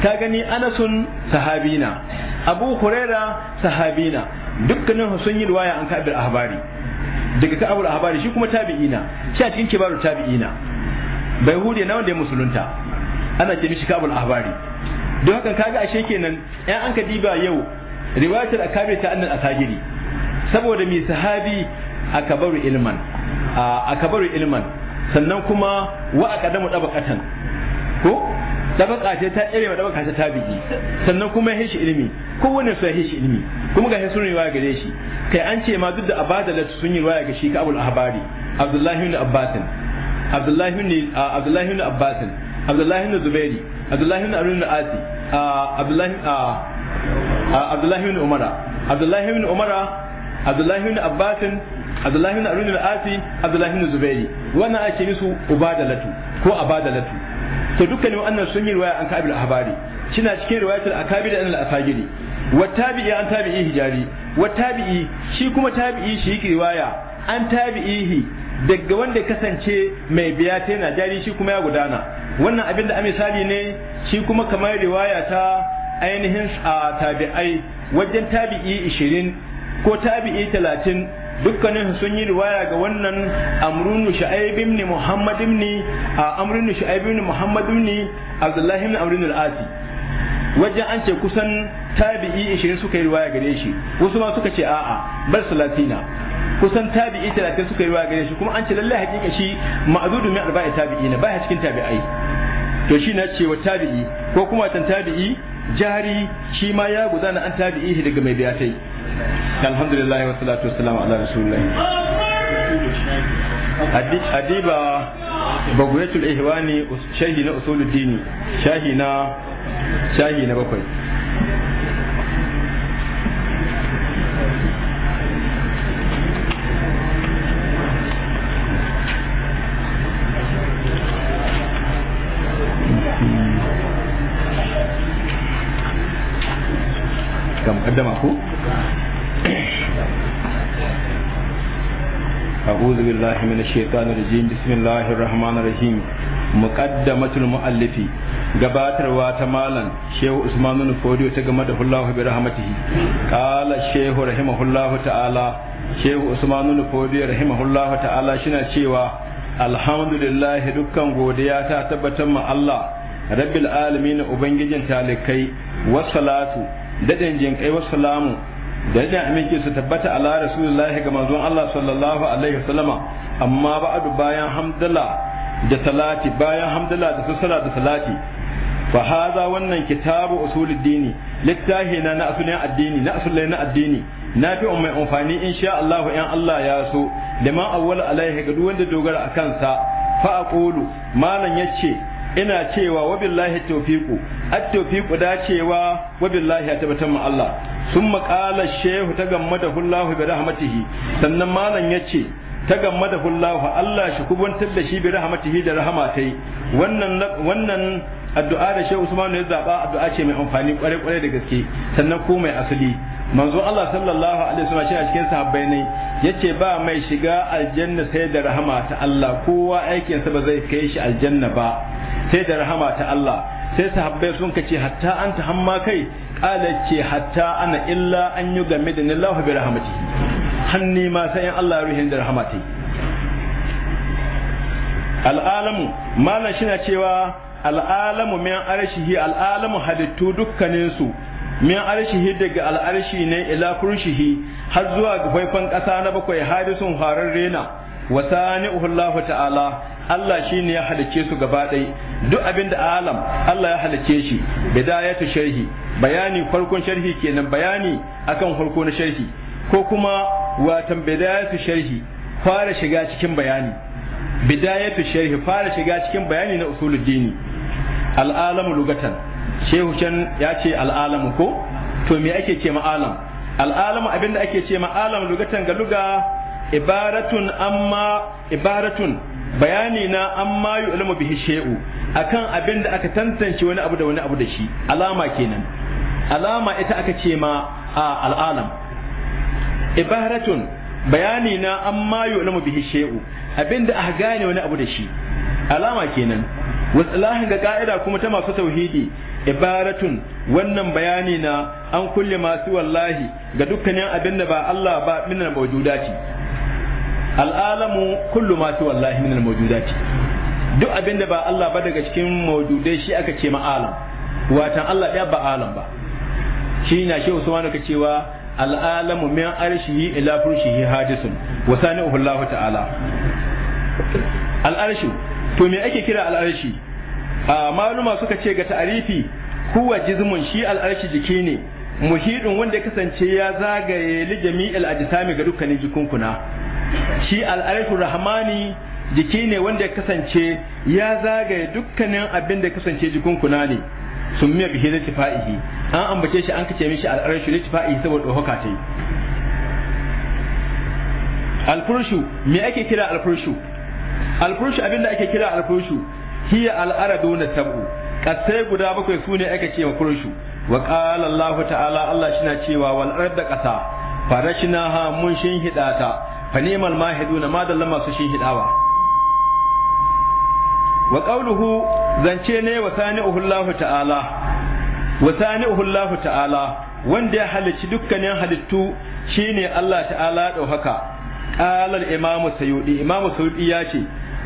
ta gani anasun sahabina abu huraira sahabina dukkanin sun yi riwaya an kabil ahbari daga ka'abul ahbari shi kuma tabi'ina shi a cikin kibarul tabi'ina bai hude na wanda ya musulunta ana ce mishi ka'abul ahbari don haka kaga ashe kenan ɗan an ka diba yau riwayatul akabir ta annal asagiri saboda mai sahabi akabaru ilman akabaru ilman sannan kuma wa akadamu dabaqatan ko dabaka ce ta ire ma dabaka ta biyi sannan kuma ya ilmi ko kowanne su ya ilmi kuma ga sun riwaya gare shi kai an ce ma duk da abadalat sun yi riwaya ga shi ka abul ahbari abdullahi ibn abbas abdullahi ibn abdullahi ibn abbas abdullahi ibn zubairi abdullahi ibn arun asi abdullahi abdullahi ibn umara abdullahi ibn umara abdullahi ibn abbas abdullahi ibn abdul asi abdullahi bin zubairi wannan ake nisu ubadalatu ko abadalatu to dukkanin wannan sun yi riwaya an ka abul ahbari kina cikin riwayatul akabir an al afajiri wa tabi'i an tabi'i hijari wa tabi'i shi kuma tabi'i shi yake riwaya an tabi'ihi daga wanda kasance mai biya ta yana jari shi kuma ya gudana wannan abin da misali ne shi kuma kamar riwaya ta ainihin a tabi'ai wajen tabi'i 20 ko tabi'i 30 dukkanin sun yi riwaya ga wannan amrunu sha'ib ibn muhammad ibn amrunu sha'ib ibn muhammad ibn abdullahi ibn amrunu al-asi wajen an ce kusan tabi'i 20 suka yi riwaya gare shi wasu ma suka ce a'a bar salatina kusan tabi'i 30 suka yi riwaya gare shi kuma an ce lallai hakika shi ma'dudu min arba'i tabi'ina baya cikin tabi'ai to shi na cewa tabi'i ko kuma tan tabi'i jari shi ma ya gudana an tabi'i daga mai biyatai alhamdulillahi wa salatu wa salamu ala rasulullahi adiba bagwatul ihwani shahi na usulul dini shahi na shahi na bakwai kam kaddama ko أعوذ بالله من الشيطان الرجيم بسم الله الرحمن الرحيم مقدمة المؤلف gabatar wa ta malam shehu usman bin fodiyo ta game da hullahu bi rahmatihi qala shehu rahimahullahu ta'ala shehu usman bin fodiyo rahimahullahu ta'ala shina cewa alhamdulillah dukkan godiya ta tabbatar ma Allah rabbil alamin ubangijin talikai wassalatu daɗin jinkai wassalamu amin aminci su tabbata ala rasulullahi ga manzon Allah sallallahu alaihi wasallama amma ba'du bayan hamdala da salati bayan hamdala da da salati fa hadha wannan kitabu usuluddini littahi na na asulin addini na asulai na addini na fi mai amfani insha Allah in Allah ya so da ma awwal alaihi ga duk wanda dogara akan sa fa aqulu malan yace ina cewa wabillahi billahi tawfiqu at tawfiqu da cewa wa ya tabbatar ma Allah summa qala shehu ta gamma da hullahu bi rahmatihi sannan malam yace ta gamma da hullahu Allah shi kubantar da shi bi rahmatihi da rahmatai wannan wannan addu'a da shehu Usman ya zaba addu'a ce mai amfani kware kware da gaske sannan ko mai asali manzo Allah sallallahu alaihi wasallam shi a cikin sahabbai ne yace ba mai shiga aljanna sai da rahama ta Allah kowa aikin sa ba zai kai shi aljanna ba sai da rahama ta Allah sai sahabbai sun kace hatta ta hamma kai qala ce hatta ana illa an game da Allah bi rahmati hanni ma sai in Allah ruhin da rahmati al'alamu malan shi na cewa al'alamu min arshihi al'alamu halittu dukkaninsu min arshihi daga al'arshi ne ila kurshihi har zuwa ga faifan ƙasa na bakwai hadisun harar rena wa sani'uhu Allah ta'ala Allah shine ya halice su gaba ɗai duk abin da alam Allah ya halice shi bidayatu sharhi bayani farkon sharhi kenan bayani akan farko na sharhi ko kuma watan bidayatu sharhi fara shiga cikin bayani bidayatu sharhi fara shiga cikin bayani na usuluddini al'alamu lugatan shehu can ya ce al'alamu ko to me ake ce ma'alam al'alamu abinda ake ce ma'alam lugatan ga luga ibaratun amma ibaratun bayani na amma ilmu bihi shehu akan abinda aka tantance wani abu da wani abu da shi alama kenan alama ita aka ce ma al'alam ibaratun bayani na amma ilmu bihi shehu abinda aka gane wani abu da shi alama kenan wasalahin ga ka'ida kuma ta masu tauhidi ibaratun wannan bayani na an kulle masu wallahi ga dukkanin abin da ba Allah ba minal mawjudati al'alamu kullu masu wallahi minal mawjudati duk abin da ba Allah ba daga cikin mawjudai shi aka ce ma'alam watan Allah ɗaya ba alam ba shi na shehu Usman ka cewa al'alamu min arshihi ila furshihi hadisun wa sani'uhu Allah ta'ala al'arshu to me ake kira al'arshi a maluma suka ce ga ta'arifi huwa jizmun shi al'arshi jiki ne muhidin wanda ya kasance ya zagaye li jami'il ajsami ga dukkanin jikunkuna shi al'arshu rahmani jiki ne wanda ya kasance ya zagaye dukkanin abin da kasance jikunkuna ne sun miya bihi da tifa'ihi an ambace shi an kace mishi al'arshu da tifa'ihi saboda ɗaukaka ta yi al-furshu me ake kira al-furshu alfurushu abinda ake kira alfurushu hiya al'aradu na tabu kasai guda bakwai su ne ake cewa furushu wa ƙala Allah ta'ala Allah na cewa fara shi na ha mun shin hidata fa ma hidu ma madalla masu shin hidawa wa qawluhu zance ne wa sani Allah ta'ala Allah ta'ala wanda ya halici dukkanin halittu shine Allah ta'ala haka. alal imamu sayudi imamu sayudi ya ce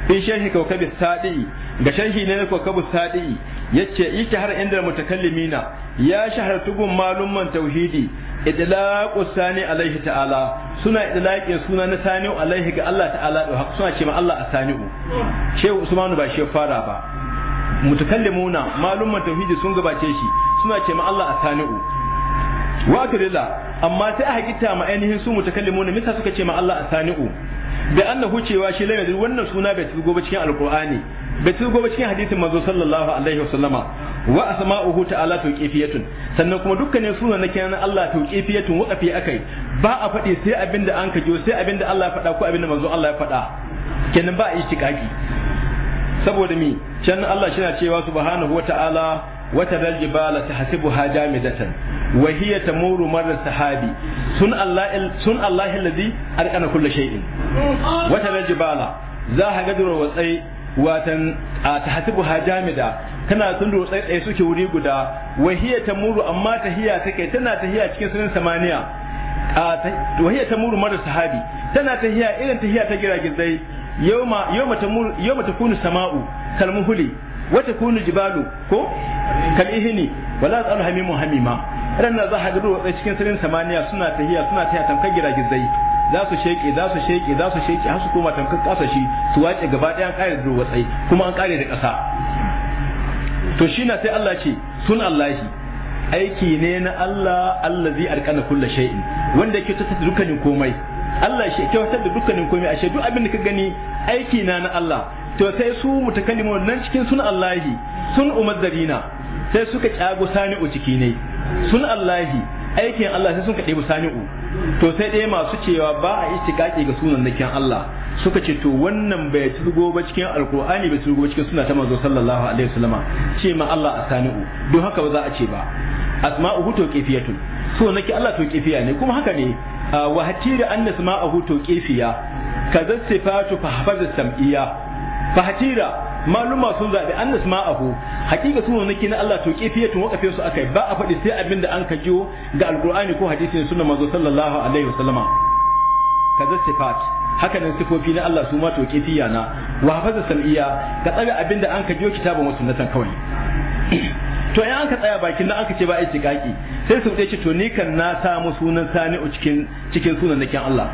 fi sharhi kawkabis sadi ga sharhi ne kawkabis sadi yace ita har inda mutakallimina ya shahar tugun malumman tauhidi idlaqu sani alaihi ta'ala suna idlaqi suna na sani alaihi ga Allah ta'ala da suna ce ma Allah asani'u shehu ba shi fara ba mutakallimuna malumman tauhidi sun gabace shi suna ce ma Allah amma sai aka kita ma ainihin su ne misa suka ce ma Allah asani'u bi annahu cewa shi lai wannan suna bai tugo ba cikin alqur'ani bai tugo ba cikin hadisin manzo sallallahu alaihi wasallama wa asma'uhu ta'ala tawqifiyatun sannan kuma dukkanin sunan na kenan Allah tawqifiyatun waqafi akai ba a faɗi sai abinda an kajo sai abinda Allah ya faɗa ko abinda manzo Allah ya faɗa kenan ba a yi saboda mi can Allah shi na cewa subhanahu wa ta'ala wata daljibala ta hasibu jamidatan wa hiya tamuru marra sahabi sun Allah sun Allah alladhi arqana kulli shay'in wa tara jibala za ha gadura wa tsai watan a tahatibu hajamida kana tundu tsai tsai suke wuri guda wa hiya tamuru amma tahiya take tana ta hiya cikin sunan samaniya wa hiya tamuru marra sahabi tana ta hiya irin ta hiya ta giragizai yawma Yoma tamuru yawma takunu sama'u kalmuhuli wata kunu jibalu ko kal'ihini wala tsalu hamimu hamima ranar za a ga a cikin sirrin samaniya suna tahiya suna tahiya tamkar giragizai za su sheke za su sheke za su sheke har su koma tamkar kasashi su wace gaba ɗaya kare da duwatsu kuma an ƙare da ƙasa to shi na sai Allah ce sun Allahi aiki ne na Allah Allah zai arkana kulla shay'in wanda ke tattata dukkanin komai Allah shi kyautar da dukkanin komai a duk abin da ka gani aiki na na Allah to sai su mutakallimu nan cikin sun Allahi sun umazzarina sai suka kyago sani'u ciki ne sun Allahi aikin Allah sai suka ɗebi sani'u to sai ɗaya masu cewa ba a istiƙaƙi ga sunan nakin Allah suka ce to wannan bai turgo ba cikin alkur'ani bai turgo cikin suna ta manzo sallallahu alaihi wasallama ce ma Allah a sani'u don haka ba za a ce ba asma'uhu tawqifiyatun so nake Allah tawqifiya ne kuma haka ne wa hatira anna asma'uhu tawqifiya kaza sifatu fa hafaza sam'iyya fahatira maluma sun zabi an nasma'ahu hakika sunan nake na Allah to kifiyatun waqafin su akai ba a faɗi sai abinda an ka ga alqur'ani ko hadisi sunna sunan manzo sallallahu alaihi wasallama kaza sifat haka nan sifofi na Allah su ma to kifiya na wa hafaza sam'iya ka tsare abinda an ka kitabun wasu sunnatan kawai to in an ka tsaya bakin nan an ka ce ba a gaki sai su ce to ni kan na samu sunan sani'u cikin cikin sunan nake Allah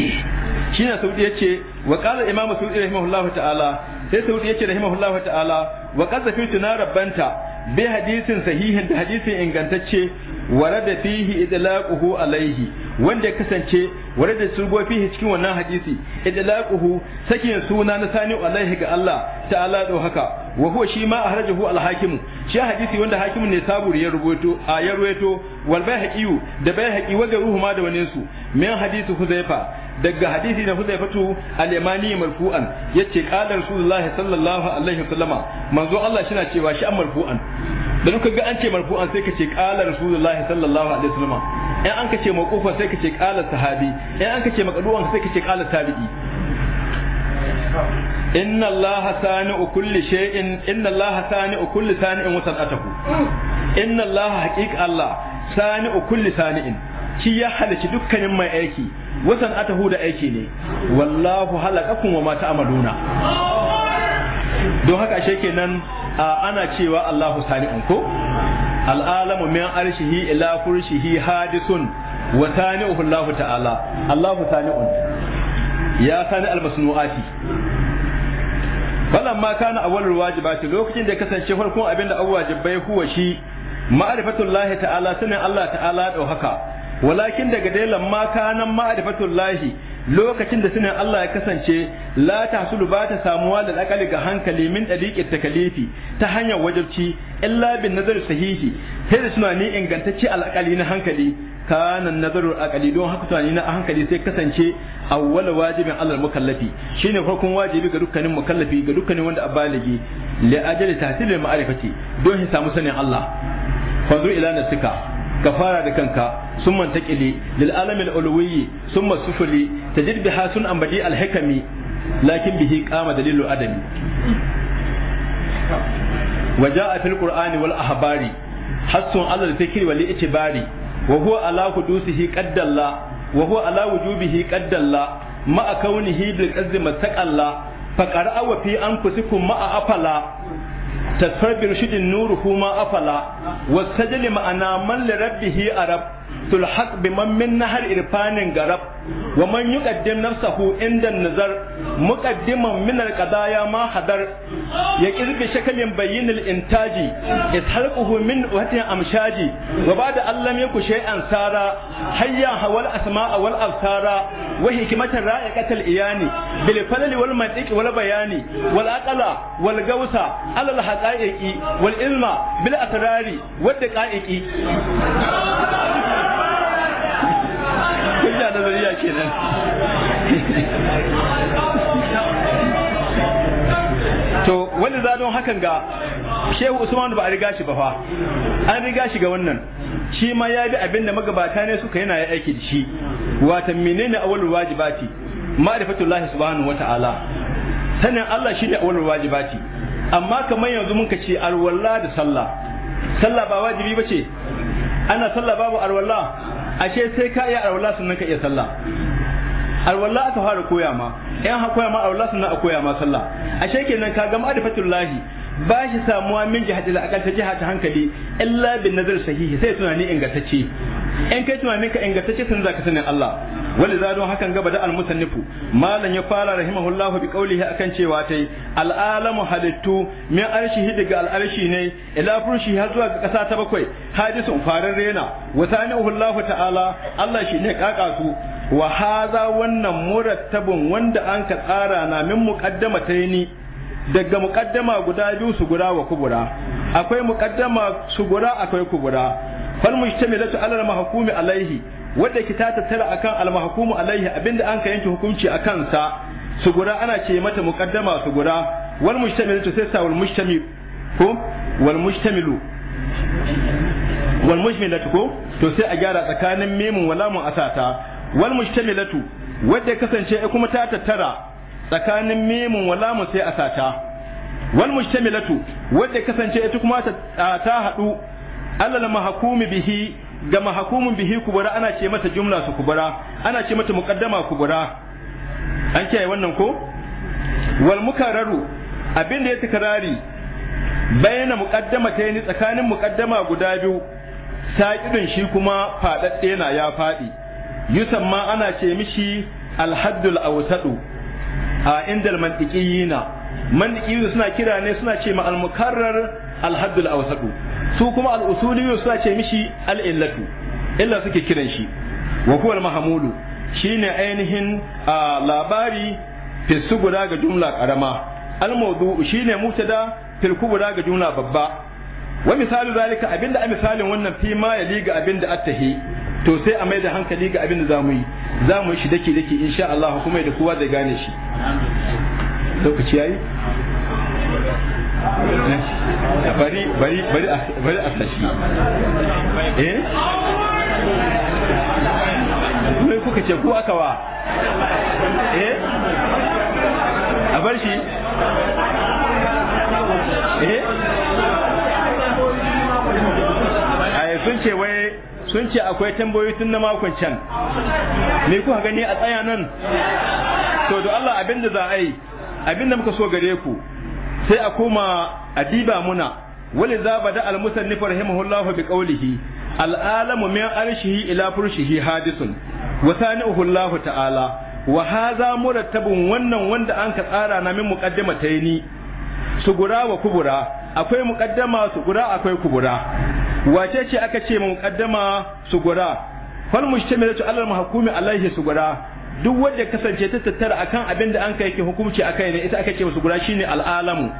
shi na saudi yace wa qala imam saudi rahimahullahu ta'ala sai saudi yace rahimahullahu ta'ala wa qad zafitu na rabbanta bi hadisin sahihin da hadisin ingantacce warada fihi idlaquhu alaihi wanda ya kasance warada sugo fihi cikin wannan hadisi idlaquhu sakin suna na sani alaihi ga Allah ta'ala do haka wa huwa shi ma ahrajahu al hakimu shi hadisi wanda hakimin ne saburi ya rubuto a ya ruwaito wal bayhaqi da bayhaqi wa ruhu ma da wani su min hadisi huzaifa daga hadisi na Huzaifatu al-Yamani marfu'an yace qala Rasulullahi sallallahu alaihi wasallama manzo Allah shi na cewa shi an marfu'an da duka ga an ce marfu'an sai ka ce qala Rasulullahi sallallahu alaihi wasallama in an ka ce mawqufa sai ka ce qala sahabi in an ka ce maqdu'an sai ka ce qala tabi'i inna allaha sani'u kulli shay'in inna in sani'u kulli sani'in wa sanatahu inna allaha haqiqa allah sani'u kulli sani'in shi ya halici dukkanin mai aiki wasan atahu da aiki ne wallahu halakakum wa ma ta'maluna don haka ashe nan ana cewa Allahu sani'un ko al'alamu min arshihi ila furshihi hadisun wa sani'uhu Allahu ta'ala Allahu sani'un ya sani almasnu'ati falan ma kana awwal wajibati lokacin da kasance farkon abin da wajibai huwa shi ma'rifatullahi ta'ala sanin Allah ta'ala da haka walakin daga dai lamma kanan ma'rifatullahi lokacin da sunan Allah ya kasance la sulu ba ta samuwa da lakali ga hankali min ta takalifi ta hanyar wajabci illa bin nazar sahihi sai da ne ingantacce al'akali na hankali kana nazaru akali don haka tunani na hankali sai kasance awwal wajibin alal mukallafi shine farkon wajibi ga dukkanin mukallafi ga dukkanin wanda abalige li ajali tahsilil ma'rifati don ya samu sanin Allah fanzu ila nasika ka fara da kanka sun manta ƙili lil alamil uluwiyyi sun masu alhikami lakin bihi dalilu adami wa ja'a wal ahbari hasun alal fikri wal itibari wa huwa ala hudusihi qaddalla wa huwa ala wujubihi qaddalla afala takfar bi nuru nuruhu afala wasajli ma'ana man li rabbihi arab تلحق بمن من نهر إرفان غرب ومن يقدم نفسه عند النظر مقدما من القضايا ما حضر يكذ بشكل بين الإنتاج إسحلقه من وهته أمشاج وبعد أن لم يكن شيئا سارا حيا هو الأسماء والأبصار وحكمة رائقة الإيان بالفلل والمنطق والبيان والأقل والجوس على الحقائق والعلم بالأسرار والدقائق da zuriya nan to wanda za don hakan ga shehu usman ba a riga shi ba fa an riga shi ga wannan shi ma ya bi abinda magabata ne suka yana ya aiki da shi watan menene awalul wajibati ma'rifatullahi subhanahu wata'ala sanin Allah shine awalul wajibati amma kamar yanzu muka ce alwala da sallah sallah ba wajibi bace ana sallah babu alwala ashe sai ka iya alwala sannan ka iya sallah alwala aka fara koya ma yan ha koya ma alwala sannan a koya ma sallah ashe kenan ka ga ma'rifatul ba shi samuwa min jihati da akal ta jiha ta hankali illa bin nazar sahihi sai tunani ingantacce in kai tunani ka ingantacce sun zaka sanin Allah ولذا دون هكا بدا المصنف ما لن يفعل رحمه الله a kan cewa tai al'alamu halittu min arshi daga al'arshi ne ila furshi har zuwa ga kasa ta bakwai hadisun farar rena wa sani'uhu Allah ta'ala Allah shi ne kaka wa wannan murattabun wanda an ka tsara na min muqaddamataini daga muqaddama guda biyu su guda wa kubura akwai muqaddama su guda akwai kubura fal mujtamilatu ala al mahkumi alaihi wadda ke ta tattara akan al mahkumu alaihi abinda an ka yanke hukunci akan sa su guda ana ce mata muqaddama su guda wal mujtamilatu sai sa wal mujtamil ko wal mujtamilu wal mujmilatu ko to sai a gyara tsakanin mimun wala mun asata wal mujtamilatu wadda kasance kuma ta tattara tsakanin mimun wala mun sai asata wal mujtamilatu wadda kasance ita kuma ta haɗu alal mahkumi bihi ga mahkumun bihi kubura ana ce mata jumla su kubura ana ce mata muqaddama kubura an kiyaye wannan ko wal mukarraru abin da ya tikarari bayyana muqaddama ta ni tsakanin muqaddama guda biyu saƙirin shi kuma fadadde na ya faɗi ma ana ce mishi alhaddul awsadu a indal mantiqiyina mantiqiyina suna kira ne suna ce ma al mukarrar alhaddul awsadu su kuma al suna ce mishi al-illatu illa suke kiran shi wa Mahmudu mahmulu shine ainihin labari fi guda ga jumla karama al-mawdu shine mutada fil guda ga jumla babba wa misalu zalika abinda a misalin wannan fi ma yali ga abinda attahi to sai a mai da hankali ga abinda zamu yi zamu yi shi dake dake insha Allah kuma da kowa zai gane shi lokaci yayi Eh? bari bari a eh? eh? a bar akwai tambayoyi tun na makon can me kuka gani a tsaya nan to da Allah abinda za a yi abinda muka so gare ku sai a koma adiba muna wani zaba da al-musannif hulahu bi ƙaulihi al'alamu min arshihi ila furshihi hadisun wa hulahu ta'ala wa hadha murattabun wannan wanda an ka tsara na min muqaddima tayni sugura wa kubura akwai muqaddama sugura akwai kubura wace ce aka ce muqaddama sugura fal mujtamilatu alal mahkumi alaihi sugura duk wanda kasance ta tattara akan abin da an kai yake hukunci akai ne ita aka ce musu guda shine al'alamu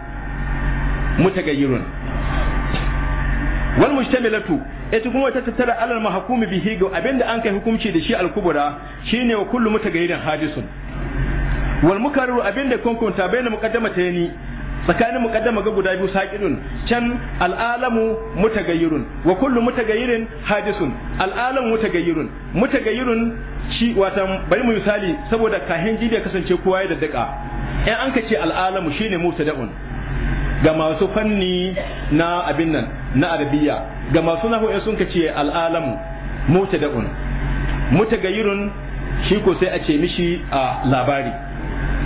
mutagayyirun wal mujtamilatu ita kuma ta tattara alal mahkumi bihi ga abin da an kai hukunci da shi al-kubra shine wa kullu mutagayyirin hadisun wal mukarriru abin da kunkunta bayan muqaddamata ni tsakanin mukaddama ga guda biyu saqidun can al'alamu mutagayyirun wa kullu mutagayyirin hadisun al'alamu mutagayyirun mutagayyirun shi watan bari mu misali saboda kahin ya kasance kowa ya daddaka in an kace ce al'alamu shine mutada'un ga masu fanni na abin nan na arabiya ga masu nahu in sun ka ce al'alamu mutada'un mutagayyirun shi ko sai a ce mishi a labari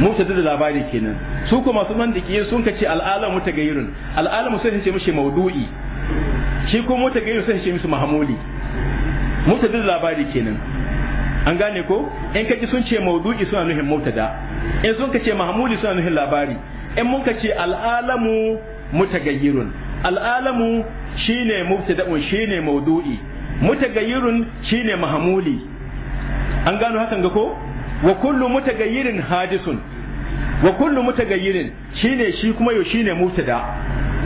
mubtada da labari kenan su kuma masu mandiki sun kace al'alam mutagayyirun al'alam sai ce mishi mawdu'i shi kuma mutagayyir sai ce mishi mahmuli mubtada da labari kenan an gane ko in kace sun ce mawdu'i suna nuhin mutada in sun kace mahmuli suna nuhin labari in mun kace al'alamu mutagayyirun al'alamu shine mubtada'un shine mawdu'i mutagayyirun shine mahmuli an gano hakan ga ko wa kullu mutagayyirin hadisun wa kullu mutagayyirin shine shi kuma yo shine mubtada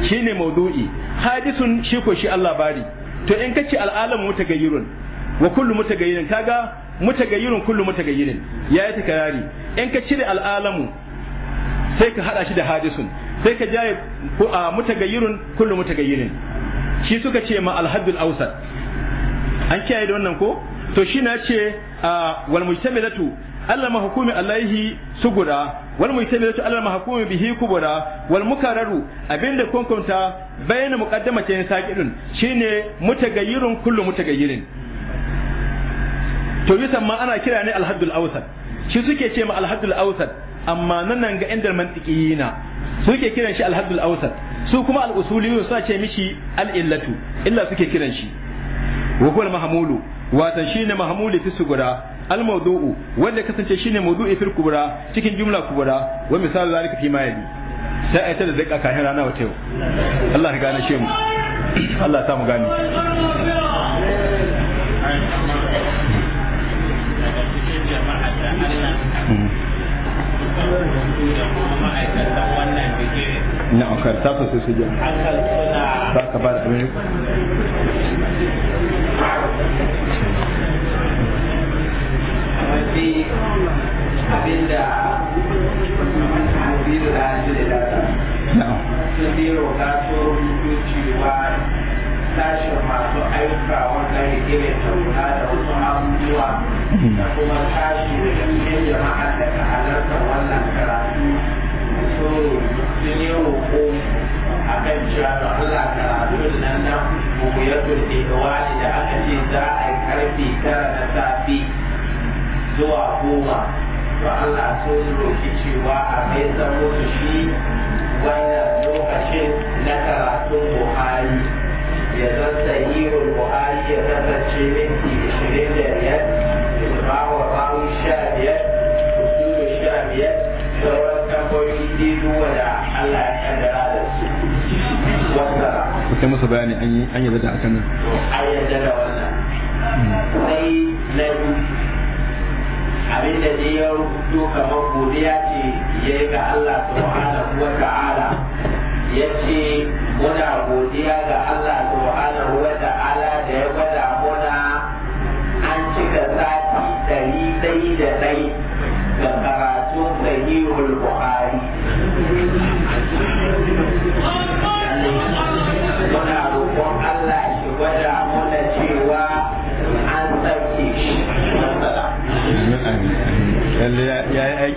shine mawdu'i hadisun shi ko shi Allah bari to in kace al'alamu mutagayyirun wa kullu mutagayyirin kaga mutagayyirun kullu mutagayyirin yayi takarari in ka cire al'alamu sai ka hada shi da hadisun sai ka jaye mutagayyirun kullu mutagayyirin shi suka ce ma alhaddul awsat an kiyaye da wannan ko to shi na ce wal mujtamilatu Allah mahukumi alaihi sugura wal ta Allah mahukumi bihi kubura wal mukararu abinda kunkunta ce muqaddamatin saqidun shine mutagayyirun kullu mutagayyirin to yusan ma ana kira ne alhaddul awsat shi suke ce ma alhaddul awsat amma nan ga indal mantiqiyina suke kiran shi alhaddul awsat su kuma al-usuliyyu suna ce mishi al-illatu illa suke kiran shi wa huwa al-mahmulu watan shine mahmuli fi guda. al mawdu'u wanda kasance shine mawdu'i fil kubra cikin jumla kubra wa misal zalika fi ma yali sai ayata da zaka kahin rana wata yau Allah ya gane shi mu Allah ta mu gane na akar ta so su ji ba ka ba da mafi abinda mubiru da hannu da data sun yi roƙa to rubutu cewa sashen masu ayyuka wanda ya gina tauna da wasu abubuwa da kuma tashi da ɗanyen jama'a da ka halarta wannan karatu so sun yi roƙo a kan cewa da Allah karatu nan nan mu ya turke da wani da aka ce za a yi karfe tara na safe zuwa goma to Allah sun roki cewa a mai zamo su shi wannan lokacin na karatun Buhari ya zan sahihul Buhari ya kasance minti ishirin da biyar Isma'ul Rawi sha biyar Usulu sha biyar sauran tambayoyi dai duwa da Allah ya kaddara da su. Wasa. Ku kai musu bayani an yi an yadda da akan nan. An yadda da wannan. da ne ya rubuto kamar godiya ce ya yi ga Allah subhanahu wa ta'ala ya ce muna godiya ga Allah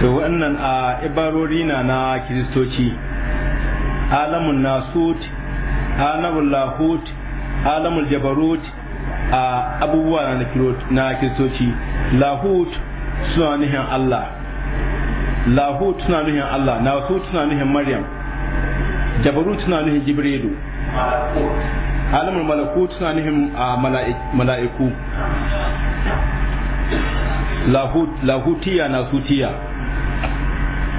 to wannan a ibarori na na kiristoci alamun nasut alamun lahut alamun jabarut a abubuwa na kiristoci lahut suna nuhin Allah lahut suna nuhin Allah nasut suna nuhin maryam jabarut suna nuhin jibrilu alamun malakut suna nuhin mala'iku lahutiya sutiya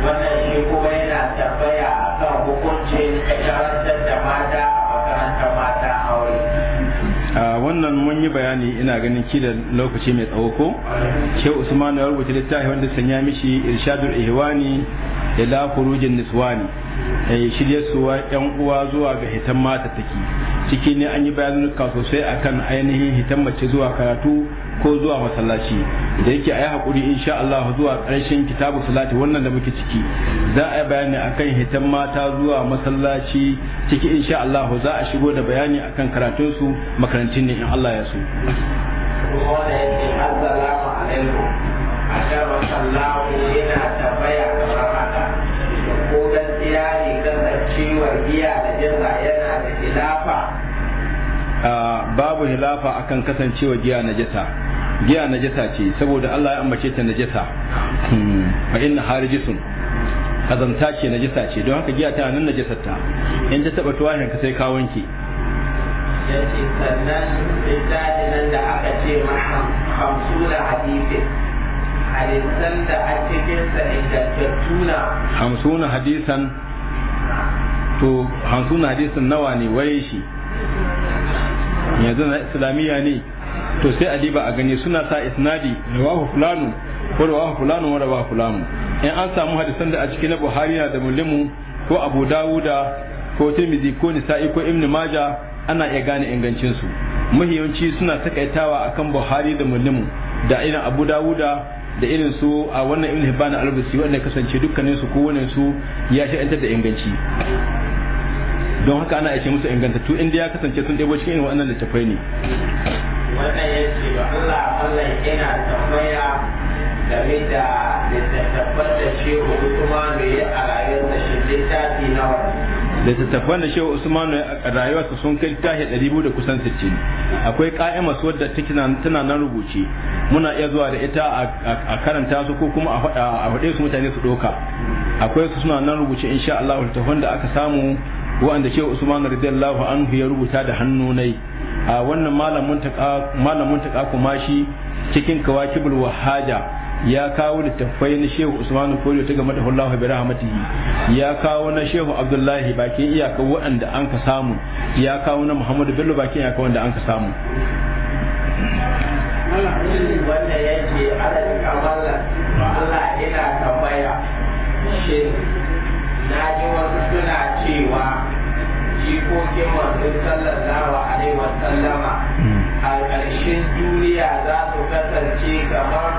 wannan shi kuma yana tambaya a kan hukuncin karantar da mata a makarantar mata aure wannan mun yi bayani ina ganin ki da lokaci mai tsawo ko ke usman ya rubuta littafi wanda sanya mishi irshadul ihwani ila khurujin niswani eh shirye suwa yan uwa zuwa ga hitan mata take ciki ne an yi bayanin bayanuka sosai akan ainihin hitan mace zuwa karatu ko zuwa masallaci da yake a yi haƙuri insha Allah zuwa ƙarshen kitabu salati wannan da muke ciki za a yi bayani akan hitan mata zuwa masallaci ciki insha Allah za a shigo da bayani akan karatun su makarantun ne in Allah ya so yana giya da babu hilafa akan kasancewa giya najasa giya najasa ce saboda Allah ya ambace ta najasa hmm, fa inna harijisun kazanta ce najasa ce don haka giya ta nan najasar ta in ta taba tuwahin ka sai ka wanke yace sannan littafi nan da aka ce masa hamsuna hadisi hadisan da a cikin sa ingantattuna Hamsuna hadisan to hamsuna hadisan nawa ne waye shi yanzu na islamiyya ne to sai a diba a gani suna sa isnadi rawahu fulanu ko rawahu fulanu wa rawahu fulanu in an samu hadisan da a cikin na buhari na da mulimu ko abu dawuda ko tirmidhi ko nisa'i ko ibn maja ana iya gane ingancin su muhimmanci suna takaitawa akan buhari da mulimu da irin abu dawuda da irin su a wannan ibn hibban al-busi wanda kasance dukkanin su ko wannan su ya sha'antar da inganci don haka ana aike musu inganta to inda ya kasance sun ɗebo cikin waɗannan littattafai ne wannan ya ce ba Allah Allah yana tambaya game da littattafan da shehu Usmanu ya a rayuwarsa shi littafi nawa littattafan da shehu Usmanu ya a rayuwarsa sun kai littafi ɗari biyu da kusan sittin akwai ƙa'ima su wadda tana nan rubuce muna iya zuwa da ita a karanta su ko kuma a faɗe su mutane su ɗauka akwai su suna nan rubuce insha Allah littattafan da aka samu wa'anda shehu usman radiyallahu anhu ya rubuta da hannunai a wannan malamin ta kuma shi cikin kawakibul wahaja ya kawo littattafai na shehu usman koriyo ta game da hullahu bi rahmatihi ya kawo na shehu abdullahi bakin iyaka wa'anda an ka samu ya kawo na muhammadu bello bakin iyaka wanda an ka samu wanda yake ala Allah yana tambaya shi. na ji wasu suna hmm. cewa jikokin manzon sallallahu alaihi wasallama a ƙarshen duniya za su kasance kamar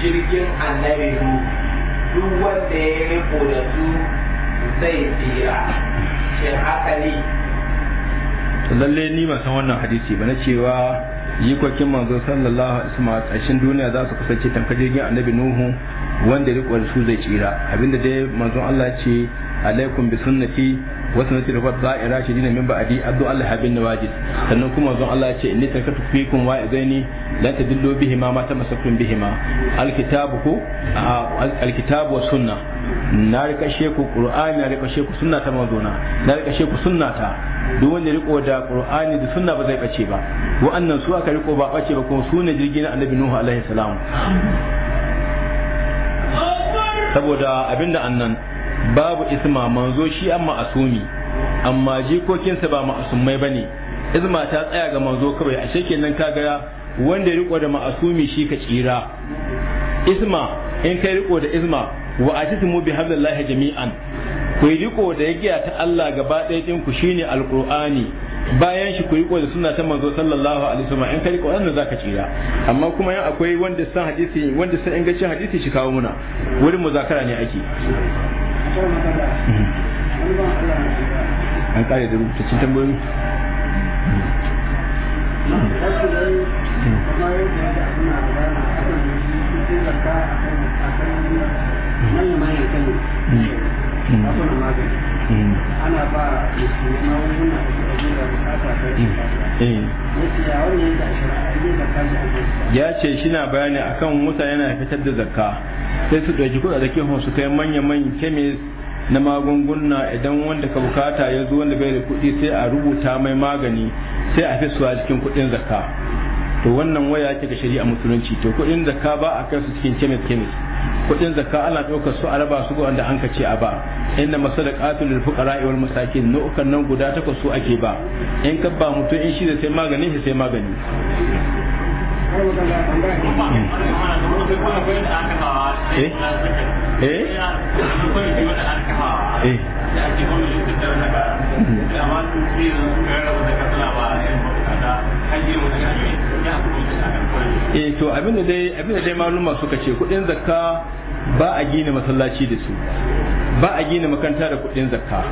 jirgin annabi duk wanda ya riko da su zai tsira shi haka ne lalle ni ba san wannan hadisi ba na cewa jikokin manzo sallallahu alaihi wasallam a ƙarshen duniya za su kasance tamkar jirgin annabi nuhu wanda riko da su zai tsira abinda dai manzon Allah ce alaikum bi sunnati wa sunnati al-fuqaha shi rashidin min ba'di abdu Allah bin nawajid sannan kuma manzon Allah ce inni taraktu fikum wa idaini la tadillu bihi ma tamassaktum bihima al-kitabu ku alkitabu wa sunna na rika sheku qur'ani na rika sheku sunna ta manzona na rika sheku sunna ta duk wanda riko da qur'ani da sunna ba zai bace ba wa'annan su aka riko ba bace ba kuma su jirgin annabi nuhu alaihi salam saboda abinda annan babu isma manzo shi an ma'asumi amma jikokinsa ba ma'asummai bane Isma ta tsaya ga manzo kawai a nan ka gaya, wanda ya riko da ma'asumi shi ka tsira isma in kai riko da isma wa atisimu bi hablillahi jami'an ku riko da yake ta Allah gaba ɗaya ku shine alqur'ani bayan shi ku riko da sunna ta manzo sallallahu alaihi wasallam in kai riko wannan zaka tsira amma kuma yan akwai wanda san hadisi wanda san ingancin hadisi shi kawo muna wurin muzakara ne ake an kare da rubutaccen tambayoyi ana ba Mm. Eh. ya ce shi na bayani akan mutane na fitar da zakka sai su ɗauki kuɗaɗen su kai manya-manyan kemis na magunguna idan wanda ka bukata ya zo wanda bai da kuɗi sai a rubuta mai magani sai a fi suwa cikin kuɗin zakka to wannan waya ke da shari'a musulunci to kuɗin zakka ba a kai su cikin kemis kemis kudin zakka ana ɗaukar su a raba su ga wanda an kace a ba inna masadaqatu lil fuqara wal masakin nau'ukan nan guda takwas su ake ba in ka ba mutum in shi da sai magani sai magani eh, eh? eh? E, to abinda dai abinda dai maluma suka ce kudin zakka ba a gina masallaci da su ba a gina makanta da kudin zakka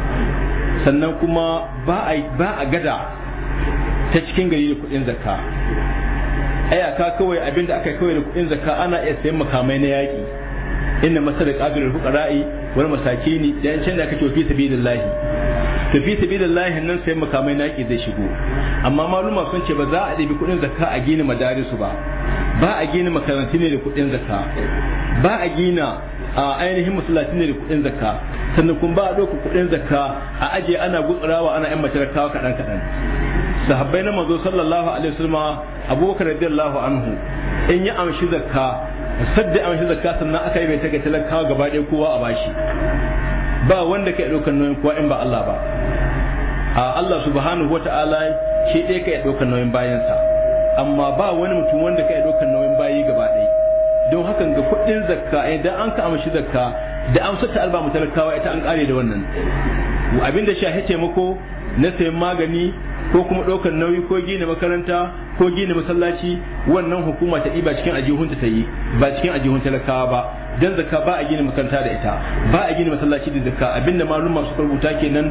sannan kuma ba a gada ta cikin gari da kudin zakka aka kawai abinda aka kawai da kudin zakka ana iya sayan makamai na yaki inna masal qadirul fuqara'i wal masakini dan can da aka tofi sabilillahi Tafi tafi da lahin nan sai makamai naki zai shigo amma maluma sun ce ba za a ɗabi kuɗin zakka a gina madarisu ba ba a gina makarantu ne da kuɗin zakka ba a gina a ainihin masallaci ne da kuɗin zakka sannan kun ba a ɗauka kuɗin zakka a aje ana gutsurawa ana yan kawo kaɗan kaɗan sahabbai na mazo sallallahu alaihi wasallam abubakar radiyallahu anhu in ya amshi zakka sadda amshi zakka sannan aka yi bai take talakawa gaba ɗaya kowa a bashi ba wanda ka ɗaukar nauyin kowa in ba Allah ba Allah subhanahu ta'ala shi ɗaya ka ɗaukar nauyin bayansa amma ba wani mutum wanda ka ɗaukar nauyin bayi gaba ɗaya don hakan ga kuɗin zakka idan an ka amshi zakka da amsar ta alba talakawa ita an ƙare da wannan abinda shahe taimako na sayan magani ko kuma ɗaukar nauyi ko gina makaranta ko gina masallaci wannan hukuma ta ɗiba cikin ajihunta ta yi ba cikin ajihun talakawa ba dan zakka ba a gina makaranta da ita ba a gina masallaci da zakka abinda malum masu rubuta kenan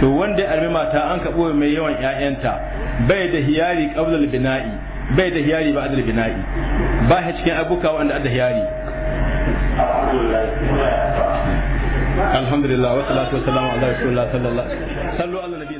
to wanda ya armi mata an ka ɓoye mai yawan ƴaƴanta bai da hiyari ƙaunar bina'i bai da hiyari ba adal bina'i ba shi cikin abuka wanda adda hiyari alhamdulillah wa salatu wa salamu ala rasulillah sallallahu alaihi